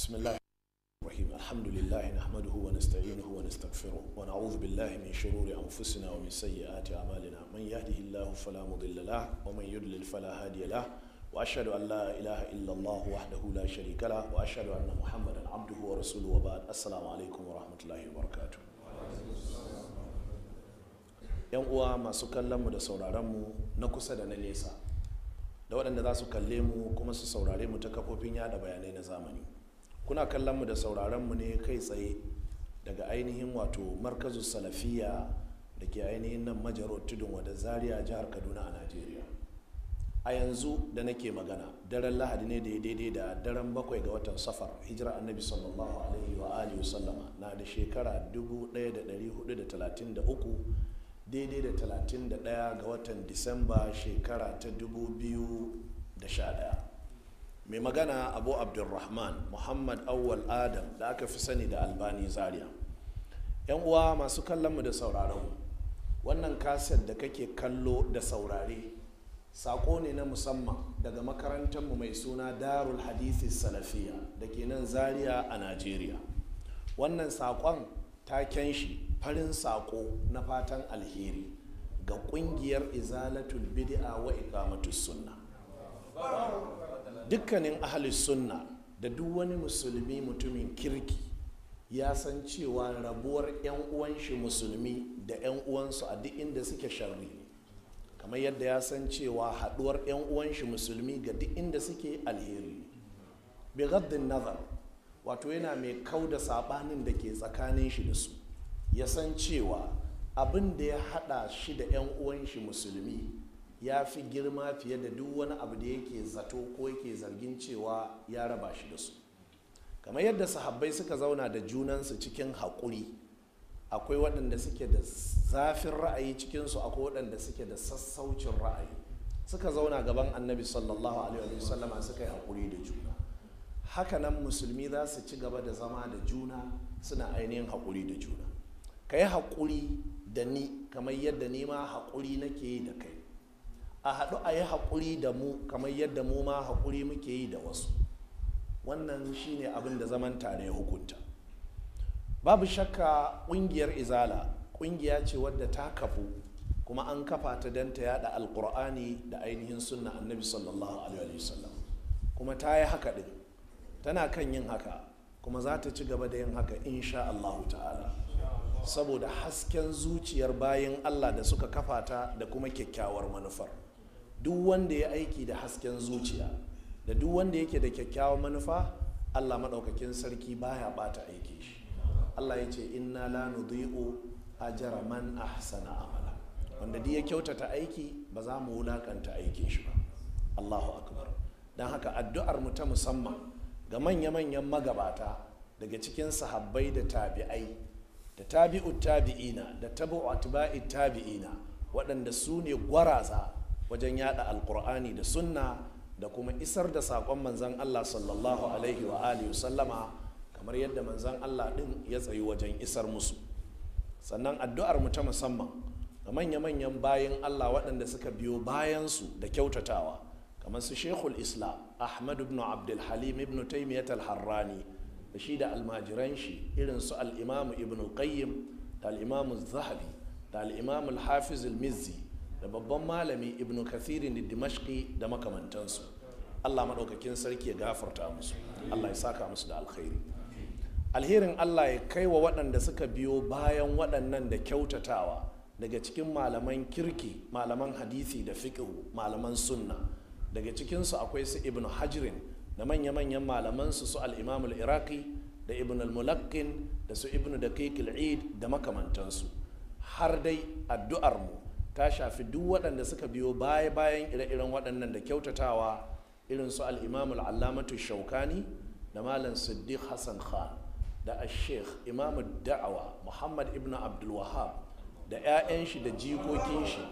بسم الله الرحيم الحمد لله نحمده ونستعينه ونستغفره ونعوذ بالله من شرور أنفسنا ومن سيئات أعمالنا من يهده الله فلا مضل له ومن يضلل فلا هادي له وأشهد أن لا إله إلا الله وحده لا شريك له وأشهد أن محمدا عبده ورسوله وبعد السلام عليكم ورحمة الله وبركاته yan uwa masu kallon mu da sauraron mu na kusa da na nesa da waɗanda za su kalle mu kuma su saurare mu ta kafofin yada bayanai na zamani kuna kallon mu da sauraron mu ne kai tsaye daga ainihin wato markazu salafiya da ke ainihin nan majarar tudun wadda zaria jihar kaduna a najeriya a yanzu da nake magana daren lahadi ne da ya daidai da daren bakwai ga watan safar hijira annabi sallallahu alaihi wa alihi sallama na da shekara 1433 daidai da 31 ga watan disamba shekara ta 2011 mai magana abu abdulrahman muhammad awwal adam da aka fi sani da albani zaria yan uwa masu mu da sauraron wannan kaset da kake kallo da saurare sako ne na musamman daga makarantar mu mai suna darul hadithi salafiya da ke nan zaria a najeriya wannan sakon taken shi farin sako na fatan alheri ga kungiyar izalatul bid'a wa ikamatus sunna dukkanin ahalus sunna da duk wani musulmi mutumin kirki ya san cewa rabuwar 'yan uwan shi musulmi da 'yan uwansu a duk inda suke sharri ne kamar yadda ya san cewa haduwar 'yan uwan shi musulmi ga duk inda suke alheri bi gaddin nazar wato yana mai kau da sabanin da ke tsakanin shi da su ya san cewa abin da ya hada shi da 'yan uwan shi musulmi ya fi girma fiye da duk wani abu da yake zato ko yake zargin cewa ya raba shi da su kamar yadda sahabbai suka zauna da junansu cikin haƙuri akwai waɗanda suke da zafin ra'ayi cikinsu akwai waɗanda suke da sassaucin ra'ayi suka zauna gaban annabi sallallahu alaihi wasallama suka yi haƙuri da juna hakanan musulmi za su ci gaba da zama da juna suna ainihin haƙuri da juna ka yi haƙuri da ni kamar yadda ni ma haƙuri nake yi da kai a haɗu a yi haƙuri da mu kamar yadda mu ma haƙuri muke yi da wasu wannan shine abin da zaman tare ya hukunta babu shakka ƙungiyar izala ƙungiya ce wadda ta kafu kuma an kafa ta don ta yada alƙur'ani da ainihin sunna annabi sallallahu alaihi wasallam kuma ta yi haka ɗin tana kan yin haka kuma za ta ci gaba da yin haka insha Allahu ta'ala saboda hasken zuciyar bayan Allah da suka kafa ta da kuma kyakkyawar manufar duk wanda ya aiki da hasken zuciya da duk wanda yake da kyakkyawan manufa allah maɗaukakin sarki baya bata aiki shi allah ya ce inna la a ajra man ahsana amala wanda duk ya kyautata aiki ba za mu wulakanta aiki shi ba allahu akbar don haka addu'ar mu ta musamman ga manya-manyan magabata daga cikin sahabbai da tabi'ai da tabi'u tabi'ina da tabu'u tabi'ina waɗanda su ne gwaraza wajen yada alkur'ani da sunna da kuma isar da saƙon manzan allah sallallahu alaihi wa alihi sallama kamar yadda manzan allah ɗin ya tsayi wajen isar musu sannan addu'ar mu ta musamman ga manya-manyan bayan allah waɗanda suka biyo bayansu da kyautatawa kamar su shekul islam ahmad ibn abdul halim ibn taimiyat al-harrani da shi da almajiran shi irin su al-imamu ibn qayyim da al-imamu zahabi da al-imamu al-hafiz al-mizzi da babban malami ibn kathirin da dimashqi da makamantansu allah maɗaukakin sarki ya gafarta musu allah ya saka musu da alkhairi alherin allah ya kai wa waɗanda suka biyo bayan waɗannan da kyautatawa daga cikin malaman kirki malaman hadisi da fiƙihu malaman sunna daga cikinsu akwai su ibn hajirin da manya-manyan malamansu su al iraki da ibn al-mulakkin da su ibn da id da makamantansu har dai addu'armu ta shafi duk waɗanda suka biyo baya bayan ire-iren waɗannan da kyautatawa irin su al'imamul allamatu shaukani da malam siddiq hassan khan da sheikh imamu da'awa muhammad ibn abdulwahab da 'ya'yan shi da jikokin shi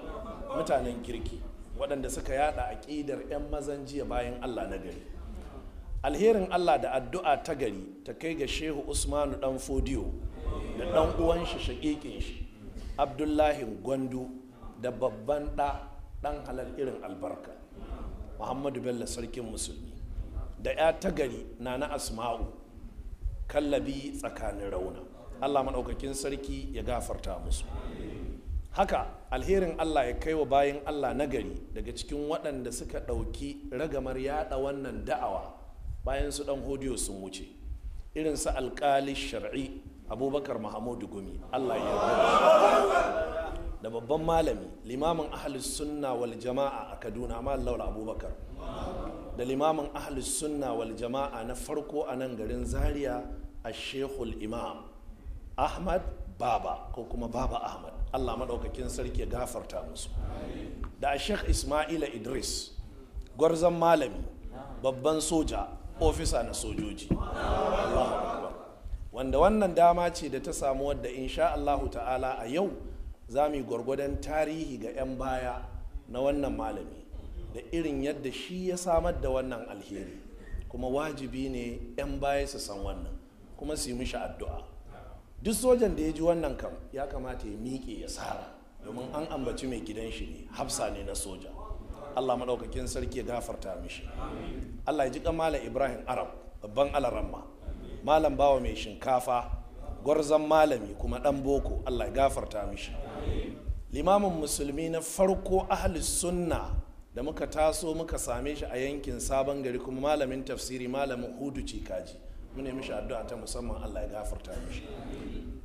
mutanen kirki waɗanda suka yada a aƙidar 'yan mazan jiya bayan allah na gari alherin allah da addu'a ta gari ta kai ga shehu usmanu ɗan fodiyo da ɗan uwan shi shaƙiƙin shi abdullahi gwandu da babban ɗa ɗan halal irin albarka muhammadu bello sarkin musulmi da ya ta gari na na asma'u kallabi tsakanin rauna allah maɗaukakin sarki ya gafarta musu haka alherin allah ya kai wa bayan allah nagari daga cikin waɗanda suka ɗauki ragamar yaɗa wannan da'awa bayan su ɗan hodiyo sun wuce irin su alƙali shari'i abubakar mahamudu gumi allah ya da babban malami limamin ahlus sunna wal jama'a a kaduna malam laula abubakar da limamin ahlus sunna wal jama'a na farko a nan garin zaria a shekul imam ahmad baba ko kuma baba ahmad allah maɗaukakin sarki ya gafarta musu da a shek ismaila idris gwarzon malami babban soja ofisa na sojoji wanda wannan dama ce da ta samu wadda insha allahu ta'ala a yau za mu yi gwargwadon tarihi ga 'yan baya na wannan malami da irin yadda shi ya samar da wannan alheri kuma wajibi ne 'yan baya su san wannan kuma su yi mishi addu'a duk sojan da ya ji wannan kam ya kamata ya miƙe ya tsara, domin an ambaci mai gidan shi ne hafsa ne na soja allah maɗaukakin sarki ya gafarta mishi allah ya ji kamala ibrahim arab babban alaramma malam bawa mai shinkafa gwarzon malami kuma ɗan boko allah ya gafarta mishi limamin musulmi na farko ahalus sunna da muka taso muka same shi a yankin sabon gari kuma malamin tafsiri malamin hudu cikaji mune mishi addu'a ta musamman allah ya gafarta mishi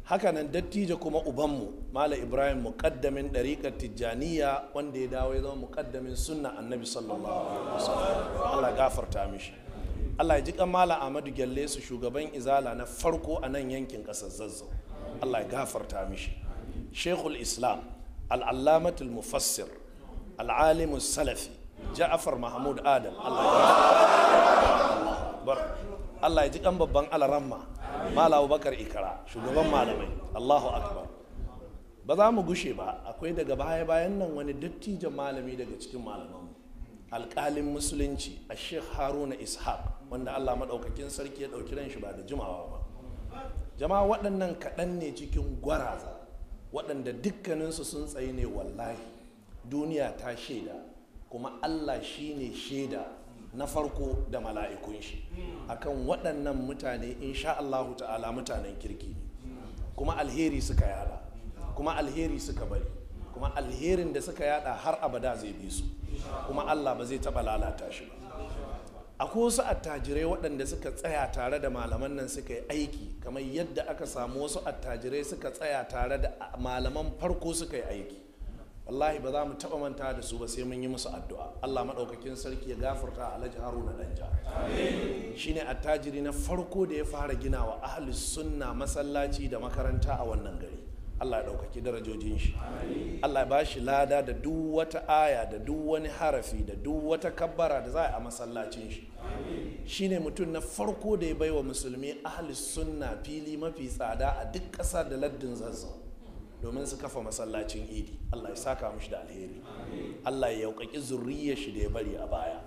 hakanan dattijo kuma ubanmu mala ibrahim muƙaddamin ɗariƙar tijjaniya wanda ya dawo ya zama muƙaddamin sunna annabi sallallahu alaihi wasallam allah ya gafarta mishi allah ya ji kan mala ahmadu gyalle su shugaban izala na farko a nan yankin ƙasar zazzau allah ya gafarta mishi shekul islam al'allamatul mufassir al'alimus salafi ja'afar mahmud adam allah ya babban alaramma bakar ikara shugaban malamai allahu akbar ba gushe ba akwai daga baya bayan nan wani dattijan malami daga cikin malamanmu alƙalin musulunci a sheikh haruna ishaq wanda allah maɗaukakin sarki ya ɗauki ran shi ba jimawa ba jama'a waɗannan kaɗan ne cikin gwaraza waɗanda dukkaninsu sun tsaye ne wallahi duniya ta shaida kuma allah shi ne shaida na farko da mala'ikun shi akan waɗannan mutane insha allahu ta'ala mutanen kirki kuma alheri suka yada kuma alheri suka bari kuma alherin da suka yada har abada zai bi su kuma allah ba zai taɓa lalata shi ba akwai wasu attajirai waɗanda suka tsaya tare da malaman nan suka yi aiki kamar yadda aka samu wasu attajirai suka tsaya tare da malaman farko suka yi aiki wallahi ba za mu taɓa manta da su ba sai mun yi musu addu'a Allah maɗaukakin sarki ya gafarta alhaji haruna danja shine attajiri na farko da ya fara gina wa ahlus sunna masallaci da makaranta a wannan gari Allah ya ɗaukaki darajojin shi Allah ya bashi lada da duk wata aya da duk wani harafi da duk wata kabbara da za a yi a masallacin shi Shi ne mutum na farko da ya baiwa musulmi ahli sunna fili mafi tsada a duk ƙasa da laddin zazzau domin su kafa masallacin idi Allah ya saka mushi da alheri Allah ya yaukaki zurriyar shi da ya bari a baya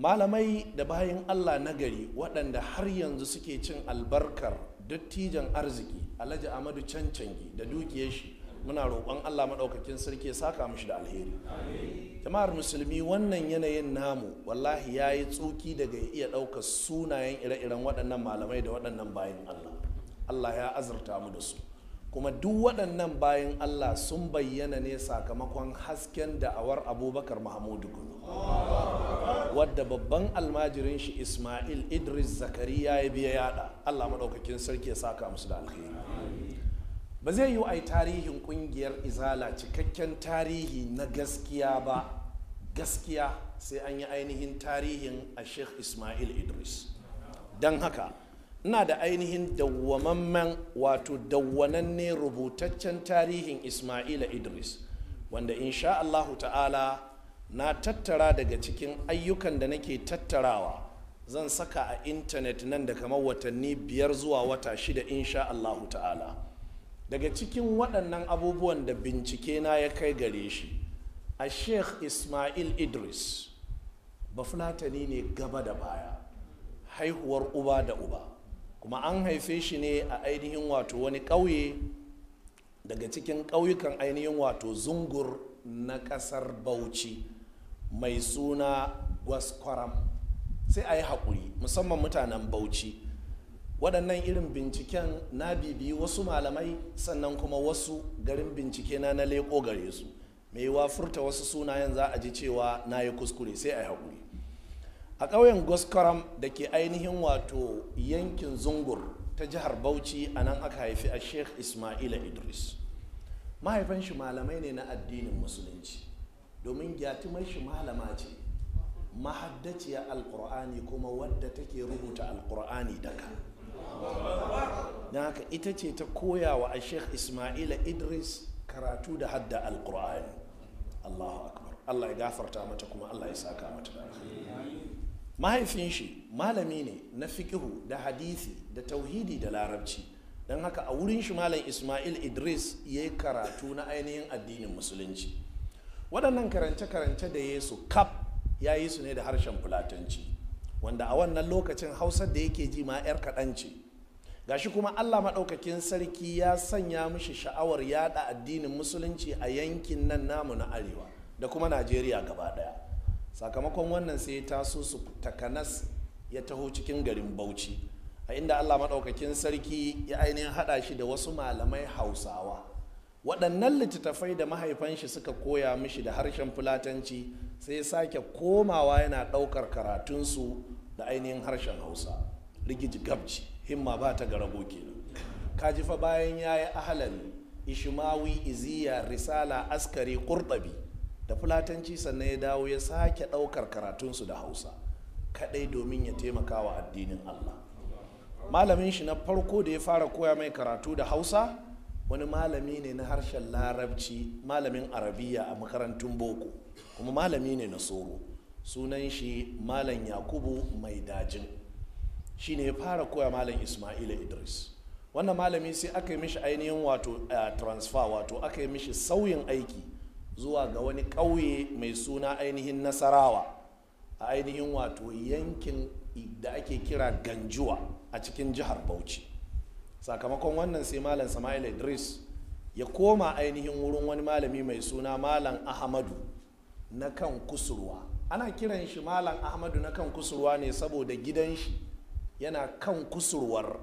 malamai da bayan Allah nagari waɗanda har yanzu suke cin albarkar dattijan arziki alhaji amadu cancangi da dukiyar shi muna roƙon allah maɗaukakin sarki ya saka mishi da alheri jama'ar musulmi wannan yanayin namu wallahi ya yi tsuki daga iya ɗaukar sunayen ire-iren waɗannan malamai da waɗannan bayan allah allah ya azurta mu da su kuma duk waɗannan bayan Allah sun bayyana ne sakamakon hasken da'awar abubakar mahmudu gudu wadda babban almajirin shi ismail idris zakariya ya biya yada Allah maɗaukakin sarki ya saka musu da alkhairi ba zai yi ai tarihin ƙungiyar izala cikakken tarihi na gaskiya ba gaskiya sai an yi ainihin tarihin a sheikh ismail idris don haka ina da ainihin dawwamammen wato dawwananne rubutaccen tarihin ismaila idris wanda insha allahu ta'ala na tattara daga cikin ayyukan da nake tattarawa zan saka a intanet nan da kamar watanni biyar zuwa wata shida insha allahu ta'ala daga cikin waɗannan abubuwan da bincike na ya kai gare shi a sheikh ismail idris bafulatani ne gaba da baya haihuwar uba da uba kuma an haife shi ne a ainihin wato wani ƙauye daga cikin ƙauyukan ainihin wato zungur na ƙasar bauchi mai suna gwaskwaram sai a yi haƙuri musamman mutanen bauchi waɗannan irin binciken na bibiyi wasu malamai sannan kuma wasu garin bincike na na leƙo gare su mai wa furta wasu sunayen za a ji cewa na yi kuskure sai a yi haƙuri a ƙauyen goskaram da ke ainihin wato yankin zungur ta jihar bauchi a nan aka haifi a sheikh ismaila idris mahaifan shi malamai ne na addinin musulunci domin gyatumar shi malama ce mahaddaciya alkur'ani kuma wadda take rubuta alkur'ani daga haka ita ce ta koya wa a sheikh ismaila idris karatu da hadda alkur'ani allahu akbar allah ya gafarta mata kuma allah ya saka mata da mahaifin shi malami ne na fikihu da hadisi da tauhidi da larabci don haka a wurin shi malam ismail idris ya yi karatu na ainihin addinin musulunci waɗannan karance-karance da yesu kaf ya yi su ne da harshen fulatanci wanda a wannan lokacin hausa da yake ji ma 'yar kaɗan ce gashi kuma allah maɗaukakin sarki ya sanya mishi sha'awar yada addinin musulunci a yankin nan namu na arewa da kuma najeriya gaba ɗaya sakamakon wannan sai ya taso su takanas ya taho cikin garin bauchi a inda allah maɗaukakin sarki ya ainihin haɗa shi da wasu malamai hausawa waɗannan littattafai da mahaifan shi suka koya mishi da harshen fulatanci sai ya sake komawa yana ɗaukar karatunsu da ainihin harshen hausa rigiji gabci himma ba ta gara kenan kaji fa bayan ya yi ahalan ishimawi iziya risala askari kurɗabi da fulatanci sannan ya dawo ya sake ɗaukar karatunsu da hausa kaɗai domin ya taimaka wa addinin allah malamin shi na farko da ya fara koya mai karatu da hausa wani malami ne na harshen larabci malamin arabiya a makarantun boko kuma malami ne na soro sunan shi malam yakubu mai dajin shi ne ya fara koya malam ismaila idris wannan malami sai aka yi mishi ainihin wato eh, transfer wato aka yi mishi sauyin aiki zuwa ga wani ƙauye mai suna ainihin nasarawa a ainihin wato yankin da ake kira ganjuwa a cikin jihar bauchi sakamakon wannan sai malam sama'il idris ya koma ainihin wurin wani malami mai suna malam ahmadu na kan kusurwa ana kiran shi malam ahmadu na kan kusurwa ne saboda gidan shi yana kan kusurwar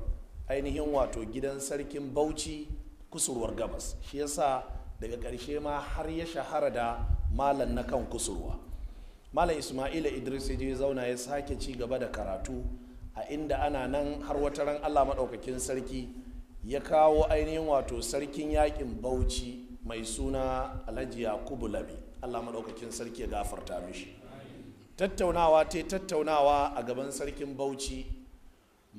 ainihin wato gidan sarkin bauchi kusurwar gabas shi yasa daga ƙarshe ma har ya shahara da malam na kan kusurwa malam ismaila idris ya zauna ya sake ci gaba da karatu a inda ana nan har wata ran allah maɗaukakin sarki ya kawo ainihin wato sarkin yakin bauchi mai suna alhaji yakubu labi allah maɗaukakin sarki ya gafarta mishi tattaunawa ta tattaunawa a gaban sarkin bauchi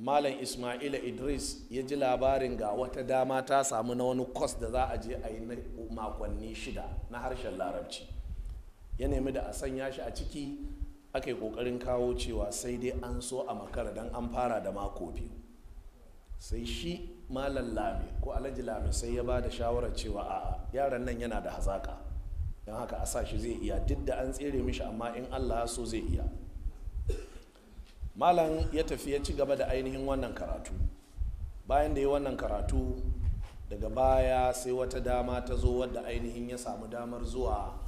malam ismaila idris ya ji labarin ga wata dama ta samu na wani kwas da za a je a yi makonni shida na harshen larabci ya nemi da a sanya shi a ciki aka yi kokarin kawo cewa sai dai an so a makara don an fara da mako biyu sai shi malam lami ko alhaji lami sai ya ba da shawarar cewa a yaran nan yana da hazaka don haka a sa shi zai iya duk da an tsere mishi amma in allah so zai iya malam ya tafi ya ci gaba da ainihin wannan karatu bayan da ya wannan karatu daga baya sai wata dama ta zo wadda ainihin ya samu damar zuwa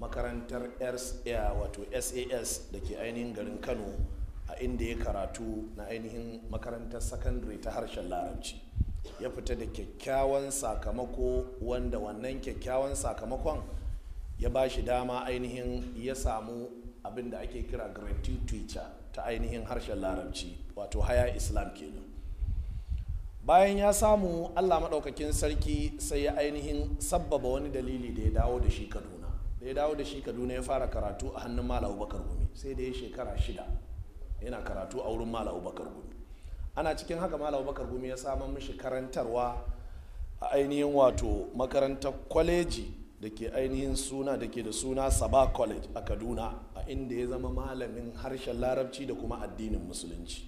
makarantar wato sas da ke ainihin garin kano a inda ya karatu na ainihin makarantar sakandare ta harshen larabci ya fita da kyakkyawan sakamako wanda wannan kyakkyawan sakamakon ya ba shi dama ainihin ya samu abin da ake kira gratuity teacher ta ainihin harshen larabci wato haya islam kenan bayan ya samu allah maɗaukakin sarki sai ya ainihin sabbaba wani dalili da ya dawo da shi kaduna da ya dawo da shi kaduna ya fara karatu a hannun mala bakar gumi sai da ya shekara shida yana karatu a wurin mala bakar gumi ana cikin haka mala bakar gumi ya sama mishi karantarwa a ainihin wato makarantar kwaleji da ke ainihin suna da ke da suna saba college a kaduna a inda ya zama malamin harshen larabci da kuma addinin musulunci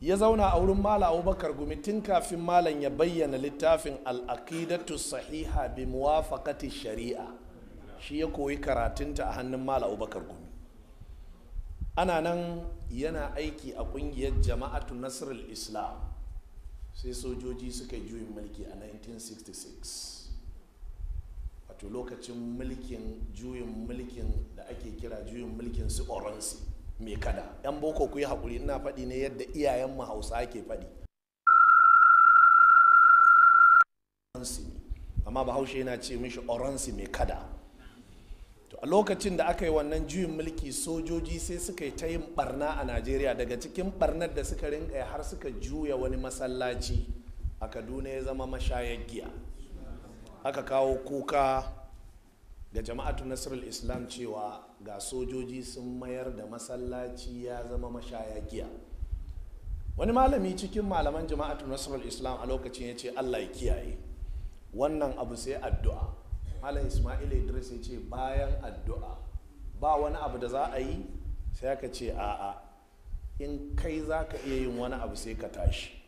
ya zauna a wurin mala abubakar gumi tun kafin malam ya bayyana littafin al'aqidatu sahiha bi muwafaqati shari'a shi ya koyi karatunta a hannun mala abubakar gumi ana nan yana aiki a kungiyar jama'atu nasrul islam sai sojoji suka juyin mulki a 1966 wato lokacin mulkin juyin mulkin da ake kira juyin mulkin su oransi mai kada yan boko ku yi haƙuri ina faɗi ne yadda iyayen mu hausa ake faɗi amma bahaushe yana ce mishi oransi mai kada to a lokacin da aka yi wannan juyin mulki sojoji sai suka yi ta yin barna a najeriya daga cikin barnar da suka rinka har suka juya wani masallaci a kaduna ya zama mashayar giya aka kawo kuka ga jama'atu nasarar islam cewa ga sojoji sun mayar da masallaci ya zama mashaya giya. wani malami cikin malaman jama'atu nasarar islam a lokacin ya ce allah ya kiyaye wannan abu sai addu'a malam ismail idris ya ce bayan addu'a ba wani abu da za a yi sai aka ce a'a in kai za ka iya yin wani abu sai ka tashi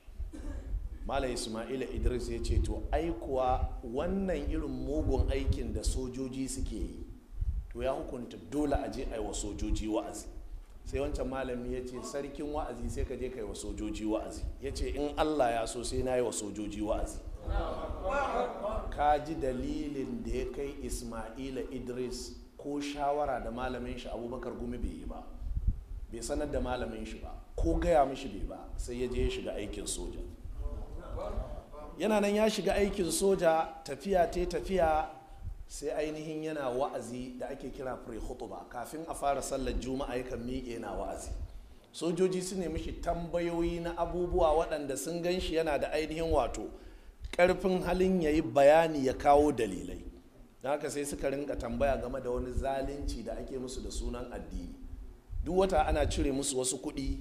malam ismaila idris ya ce to aikuwa wannan irin mugun aikin da sojoji suke yi to ya hukunta dole a je a yi wa sojoji wa'azi sai wancan malami ya ce sarkin wa'azi sai ka je ka yi wa sojoji wa'azi ya ce in allah ya so sai na yi wa sojoji wa'azi ka ji dalilin da ya kai ismaila idris ko shawara da malamin shi abubakar gumi bai yi ba bai sanar da malamin shi ba ko gaya mishi bai ba sai ya je ya shiga aikin soja yana nan ya shiga aikin soja tafiya ta tafiya sai ainihin yana wa'azi da ake kira pre kafin a fara sallar juma'a yakan miƙe na wa'azi sojoji su ne mishi tambayoyi na abubuwa waɗanda sun gan shi yana da ainihin wato ƙarfin halin ya yi bayani ya kawo dalilai da haka sai suka rinka tambaya game da wani zalunci da ake musu da sunan addini duk wata ana cire musu wasu kuɗi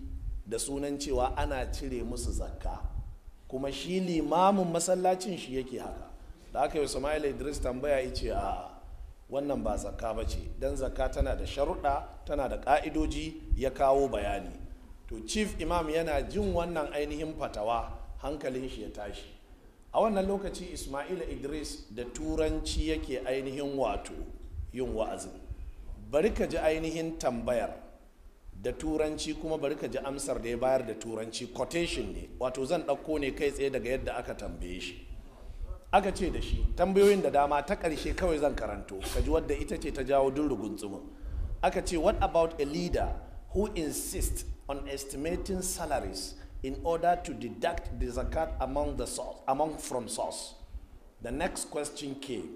da sunan cewa ana cire musu zakka kuma shi limamin masallacin shi yake haka da aka yi sama'ila idris tambaya ya ce a wannan ba zakka ba ce don zakka tana da sharuɗa tana da ƙa'idoji ya kawo bayani to chief imam yana jin wannan ainihin fatawa hankalin shi ya tashi a wannan lokaci ismaila idris da turanci yake ainihin wato yin wa'azin bari ka ji ainihin tambayar da turanci kuma bari ka ji amsar da ya bayar da turanci quotation ne wato zan ɗauko ne kai tsaye daga yadda aka tambaye shi aka ce da shi tambayoyin da dama ta ƙarshe kawai zan karanto ka ji wadda ita ce ta jawo durugun tsumin aka ce what about a leader who insists on estimating salaries in order to deduct the zakat among the source, among from source the next question came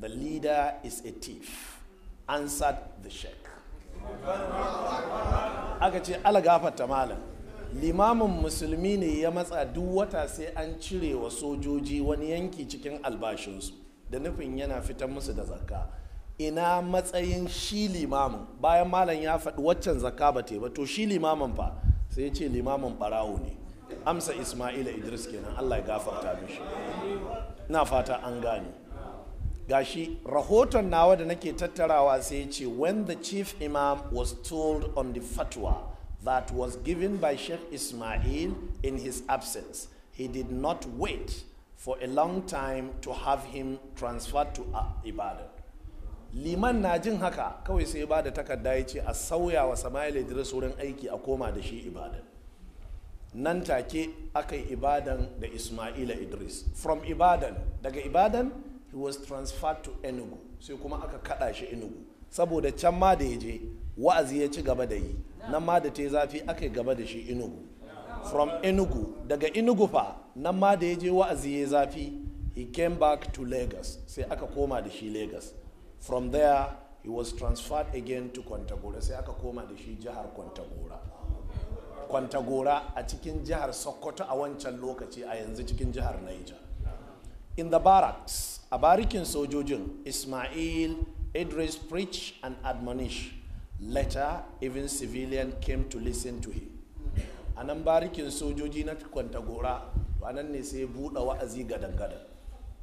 the leader is a thief answered the sheikh aka ce alagafata malam limamin musulmi ne ya matsa duk wata sai an cire wa sojoji wani yanki cikin albashinsu da nufin yana fitan musu da zakka ina matsayin shi limamin bayan malam ya faɗi waccan zakka ba te ba to shi limamin fa sai ce limamin barawo ne amsa ismaila idris kenan allah ya gafarta mishi na fata an gane gashi rahoton nawa da nake tattarawa sai ce when the chief imam was told on the fatwa that was given by Sheikh Ismail in his absence he did not wait for a long time to have him transferred to uh, Ibadan liman na jin haka kawai sai ibada ta takarda ya ce a sauya wa Sama'il Idris wurin aiki a koma da shi Ibadan nan take aka yi Ibadan da Ismaila Idris from Ibadan daga Ibadan he was transferred to enugu sai kuma aka kada shi enugu saboda can ma da ya je wa'azi ya ci gaba da yi nan ma da ta zafi aka yi gaba da shi enugu from enugu daga enugu fa nan ma da ya je wa'azi ya zafi he came back to lagos sai aka koma da shi lagos from there he was transferred again to kwantagora sai aka koma da shi jihar kwantagora kwantagora a cikin jihar sokoto a wancan lokaci a yanzu cikin jihar niger in the barracks a barikin sojojin Ismail Idris preach and admonish later even civilian came to listen to him a nan barikin sojoji na kwantagora nan ne sai buɗe wa'azi gadan-gadan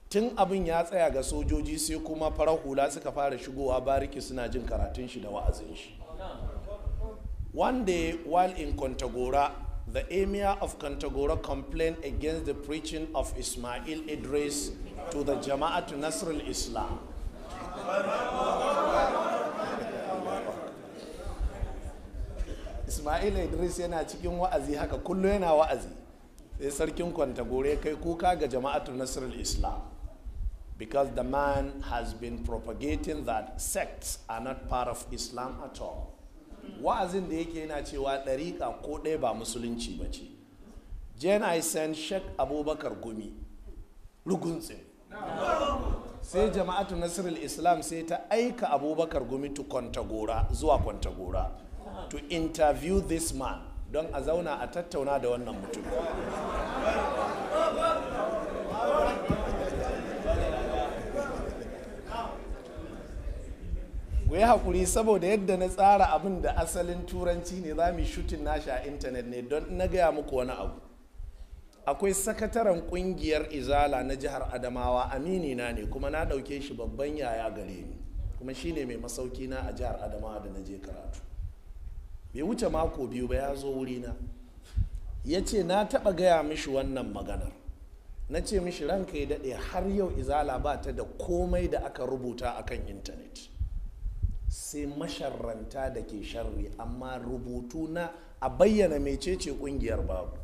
tun abin ya tsaya ga sojoji sai kuma farar hula suka fara shigowa bariki suna jin karatun shi da wa'azin shi one day while in kwantagora the emir of Kantagora complained against the preaching of Ismail Idris to the Jama'at Nasrul Islam. Ismail Idris yana cikin wa'azi haka kullum yana wa'azi sai sarkin Kwantagore kai kuka ga Jama'at Nasrul Islam because the man has been propagating that sects are not part of Islam at all. wa'azin da yake yana cewa ɗariƙa ko ɗaya ba musulunci ba ce jen send shek abubakar gumi rugunsin sai jama'atu nasirul islam sai ta aika abubakar gumi to kwantagora zuwa kwantagora to interview this man don a zauna a tattauna da wannan mutum gwai hakuri saboda yadda na tsara abin da asalin turanci ne za mu shutin nashi a intanet ne don na gaya muku wani abu akwai sakataren ƙungiyar izala na jihar adamawa amini na ne kuma na ɗauke shi babban yaya gare ni kuma shine mai masauki na a jihar adamawa da na je karatu bai wuce mako biyu ba ya zo wurina ya ce na taɓa gaya mishi wannan maganar na ce mishi ranka ya daɗe har yau izala ba ta da komai da aka rubuta akan intanet sai masharanta da ke sharri amma rubutu na a bayyana mecece kungiyar babu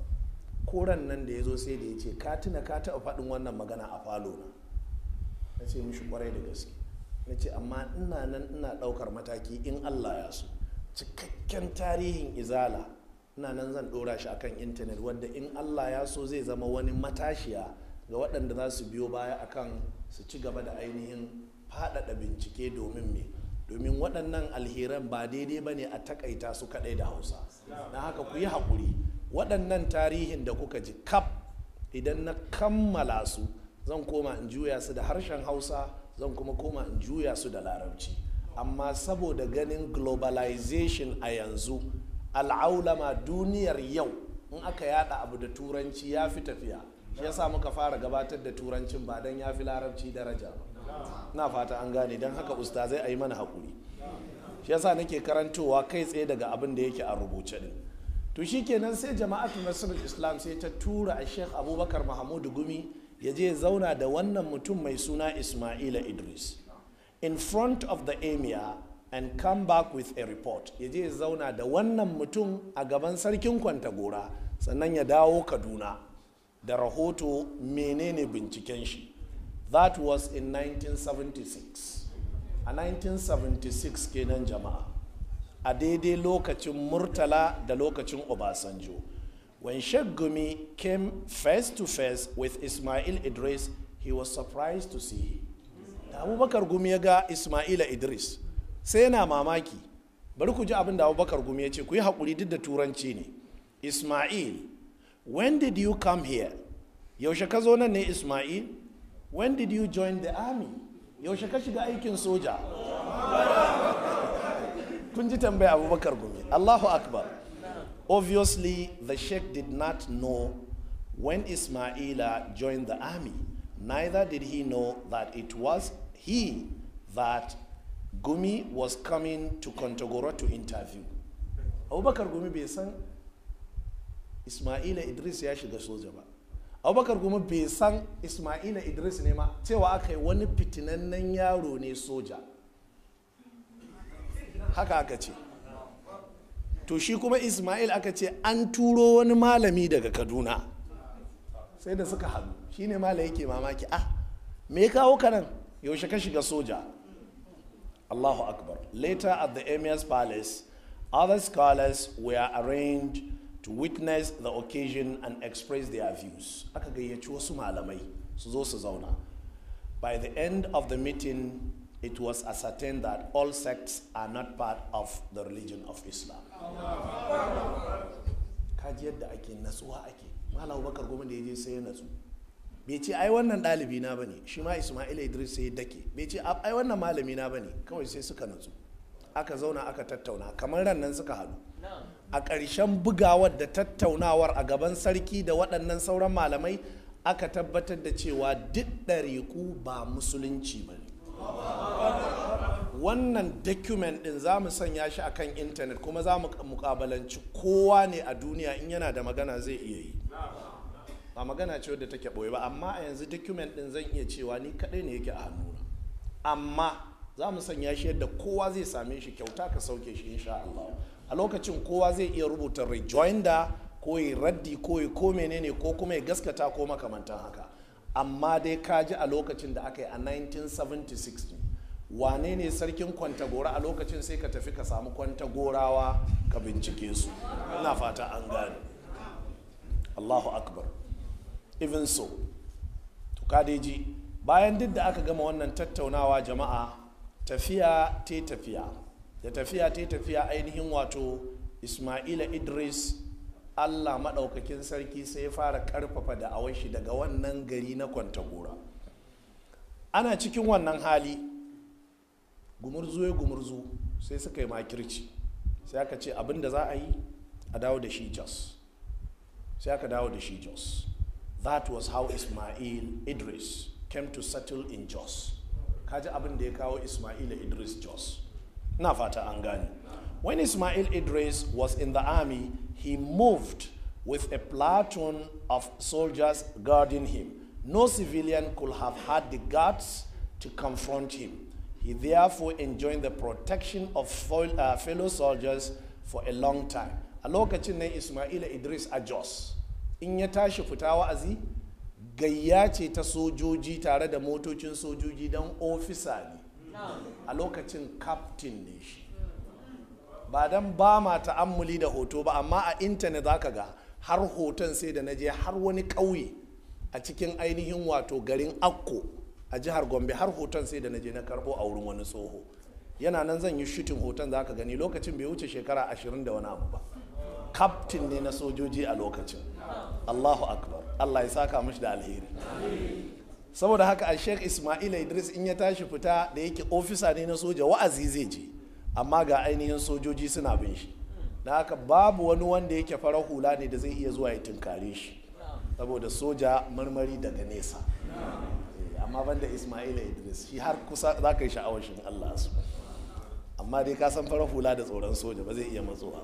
koran nan da ya zo sai da ya ce ka tuna ka taɓa faɗin wannan magana a falo na na ce mishi kwarai da gaske na ce amma ina nan ina ɗaukar mataki in allah ya so cikakken tarihin izala ina nan zan ɗora shi akan intanet wadda in allah ya so zai zama wani matashiya ga waɗanda za su biyo baya akan su ci gaba da ainihin faɗaɗa bincike domin me domin waɗannan alheran ba daidai ba ne a takaita su kaɗai da hausa na haka ku yi haƙuri waɗannan tarihin da kuka ji kaf idan na kammala su zan koma in juya su da harshen hausa zan kuma koma in juya su da larabci amma saboda ganin globalization a yanzu al'aulama duniyar yau in aka yada abu da turanci ya fi tafiya shi yasa muka fara gabatar da turancin ba don ya fi larabci daraja ba na fata an gane don haka usta zai a yi mana haƙuri shi yasa nake karantowa kai tsaye daga abin da yake a rubuce din to shi kenan sai jama'atu nasrul islam sai ta tura a sheikh abubakar mahamudu gumi ya je zauna da wannan mutum mai suna ismaila idris in front of the emir and come back with a report ya je zauna da wannan mutum a gaban sarkin kwanta gora sannan ya dawo kaduna da rahoto menene binciken shi that was in 1976 a 1976 kenan jama'a a daidai lokacin murtala da lokacin obasanjo when Sheikh Gumi came face to face with Ismail Idris, he was surprised to see him. Da Abubakar Gumi ya ga Ismaila Idris, sai yana mamaki. Bari ku ji abin da Abubakar Gumi ya ce, ku yi hakuri duk da turanci ne. Ismail, when did you come here? Yaushe ka zo nan ne Ismail? when did you join the army yaushe ka shiga aikin soja kun ji tambaya abubakar gumi allahu akbar obviously the sheikh did not know when ismaila joined the army neither did he know that it was he that gumi was coming to Kontagora to interview abubakar gumi bai san ismaila idris ya shiga soja ba abubakar kuma bai san ismaila idris ne ma cewa aka yi wani fitinannen yaro ne soja haka aka ce to shi kuma ismail aka ce an turo wani malami daga kaduna sai da suka haɗu shi ne mala yake mamaki ah me kawo ka nan yaushe ka shiga soja allahu akbar later at the emir's palace other scholars were arranged to witness the occasion and express their views aka gayyaci wasu malamai su zo su zauna by the end of the meeting it was ascertained that all sects are not part of the religion of islam kaji yadda ake natsuwa ake malam bakar goma da ya je sai ya natsu bai ce ai wannan ɗalibi na bane shi ma ismail idris sai ya dake bai ce ai wannan malami na bane kawai sai suka natsu aka zauna aka tattauna kamar ran nan suka haɗu a ƙarshen bugawar da tattaunawar a gaban sarki da waɗannan sauran malamai aka tabbatar da cewa duk ɗariku ba musulunci ba ne wannan document ɗin za mu sanya shi akan intanet kuma za mu mukabalanci kowa ne a duniya in yana da magana zai iya yi ba magana ce wadda take ɓoye ba amma a yanzu document ɗin zan iya cewa ni kaɗai ne yake a hannuna amma za mu sanya shi yadda kowa zai same shi kyauta ka sauke shi insha Allah a lokacin kowa zai iya rubuta rejoinder ko ya raddi ko ya ko menene ko kuma ya gaskata ko makamantan haka amma dai ka ji a lokacin da aka yi a 1976 wane ne sarkin kwantagora a lokacin sai ka tafi ka samu kwantagorawa ka bincike su ina fata an gane allahu akbar even so to kadeji bayan duk da aka gama wannan tattaunawa jama'a tafiya te tafiya da tafiya ta yi tafiya ainihin wato ismaila idris allah maɗaukakin sarki sai ya fara ƙarfafa da shi daga wannan gari na kwantagora ana cikin wannan hali gumurzu ya gumurzu sai suka yi makirci sai aka ce abin da za a yi a dawo da shi jos sai aka dawo da shi jos that was how ismail idris came to settle in jos kaji abin da ya kawo ismail idris jos Navata Angani. When Ismail Idris was in the army, he moved with a platoon of soldiers guarding him. No civilian could have had the guts to confront him. He therefore enjoyed the protection of uh, fellow soldiers for a long time. A lokacin nan Ismail Idris a Jos, in ya tashi fita wa'azi, gayya ce ta sojoji tare da motocin sojoji don ofisa ne. a lokacin captain ne shi ba don ba ma ta'ammuli da hoto ba amma a intanet za ka ga har hoton sai da na je har wani ƙauye a cikin ainihin wato garin akko a jihar gombe har hoton sai da na je na karɓo a wurin wani tsoho yana nan zan yi shutin hoton za ka gani lokacin bai wuce shekara ashirin da wani abu ba kaftin ne na sojoji a lokacin allahu akbar allah ya saka mashi da alheri saboda haka a sheikh ismaila idris in ya tashi fita da yake ofisa ne na soja wa'azi zai je amma ga ainihin sojoji suna bin shi da haka babu wani wanda yake farar hula ne da zai iya zuwa ya tunkare shi saboda soja marmari daga nesa eh, amma banda ismaila idris shi har kusa za ka yi sha'awar shi allah su amma dai ka san farar hula da tsoron soja ba zai iya matsowa ba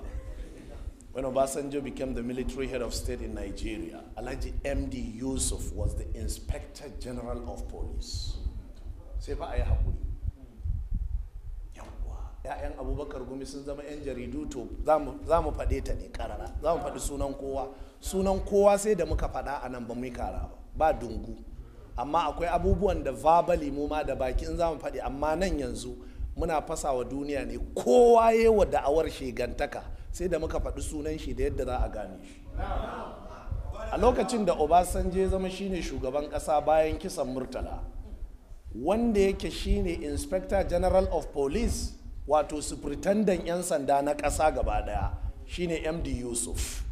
When Obasanjo became the military head of state in Nigeria, Alaji MD Yusuf was the inspector general of police. Sai fa a yi haƙuri. Yawwa, ‘ya'yan Abubakar Gumi sun zama ‘yan jaridu to za mu faɗe ta ne ƙarara, za mu faɗi sunan kowa. Sunan kowa sai da muka faɗa a nan ba mu yi kara ba, ba dungu. Amma akwai abubuwan da verbally mu ma da bakin za mu faɗi, amma nan yanzu muna fasa wa duniya ne kowa yi wa da'awar shigantaka. sai da muka faɗi sunan shi da yadda za a gane shi a lokacin da obasanjo ya zama shine shugaban ƙasa bayan kisan murtala wanda yake shine inspector general of police wato superintendent 'yan sanda na ƙasa gaba ɗaya shine md yusuf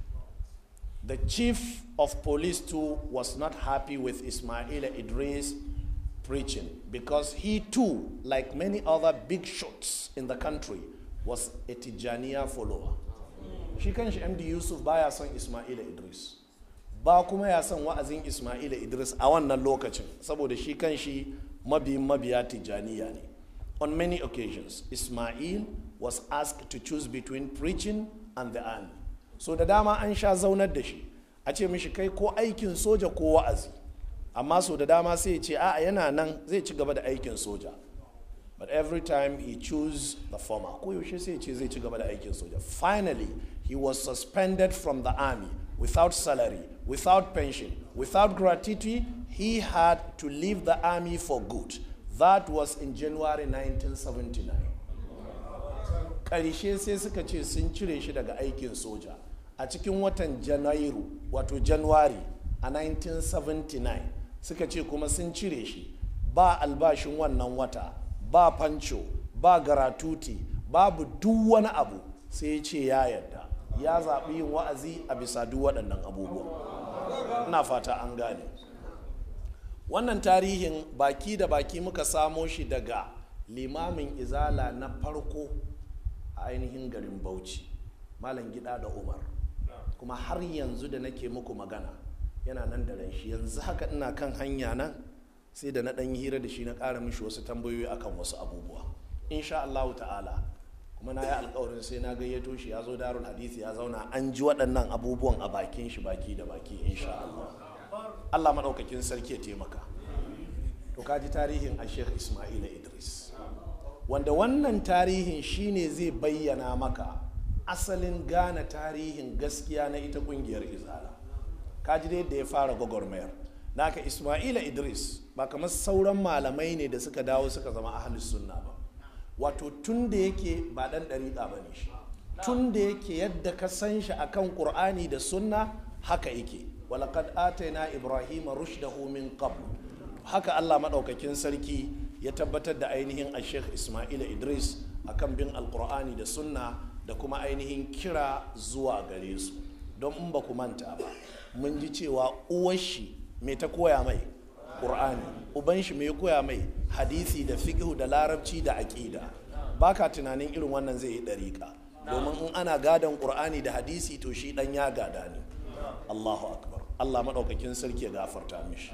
the chief of police too was not happy with ismail idris preaching because he too like many other big shots in the country was a tijaniya follower shi kanshi md yusuf baya son ismaila idris ba kuma ya son wa'azin ismaila idris a wannan lokacin saboda shi kanshi mabiyin mabiya tijjaniya ne on many occasions ismail was asked to choose between preaching and the army so da dama an sha zaunar da shi a ce mishi kai ko aikin soja ko wa'azi amma so da dama sai ce a'a yana nan zai ci gaba da aikin soja but every time he chose the former koyaushe sai ce zai ci da aikin soja finally he was suspended from the army without salary without pension without gratuity he had to leave the army for good that was in january 1979 ƙarshe sai suka ce sun cire shi daga aikin soja a cikin watan janairu wato january a 1979 suka ce kuma sun cire shi ba albashin wannan wata ba fanco ba garatuti babu duk wani abu sai ya ce ya yarda ya zaɓi yin wa'azi a bisa duk waɗannan abubuwa ina fata an gane wannan tarihin baki da baki muka samo shi daga limamin izala na farko a ainihin garin bauchi malam gida da umar kuma har yanzu da nake muku magana yana nan da ranshi yanzu haka ina kan hanya nan sai da na ɗan yi hira da shi na ƙara mishi wasu tambayoyi akan wasu abubuwa insha Allahu ta'ala kuma na yi alkawarin sai na gayyato shi ya zo darul hadisi ya zauna an ji waɗannan abubuwan a bakin shi baki da baki insha Allah Allah maɗaukakin sarki ya taimaka to kaji tarihin a Sheikh Ismaila Idris wanda wannan tarihin shine zai bayyana maka asalin gane tarihin gaskiya na ita kungiyar izala kaji ji da ya fara gwagwarmayar naka ismaila idris ba kamar sauran malamai ne da suka dawo suka zama ahalus sunna ba wato tun da yake ba dan dariƙa ba ne shi tun da yake yadda ka san shi akan qur'ani da sunna haka yake walaqad ataina ibrahima rushdahu min qabl haka Allah madaukakin sarki ya tabbatar da ainihin sheikh ismaila idris akan bin alqur'ani da sunna da kuma ainihin kira zuwa gare su don in ba ku manta ba mun ji cewa uwar me ta koya mai ƙur'ani uban shi me koya mai hadisi da fiqhu da larabci da aƙida baka tunanin irin wannan zai yi ɗariƙa domin in ana gadon ƙur'ani da hadisi to shi ɗan ya gada ne Allahu akbar Allah maɗaukakin sarki ya gafarta mishi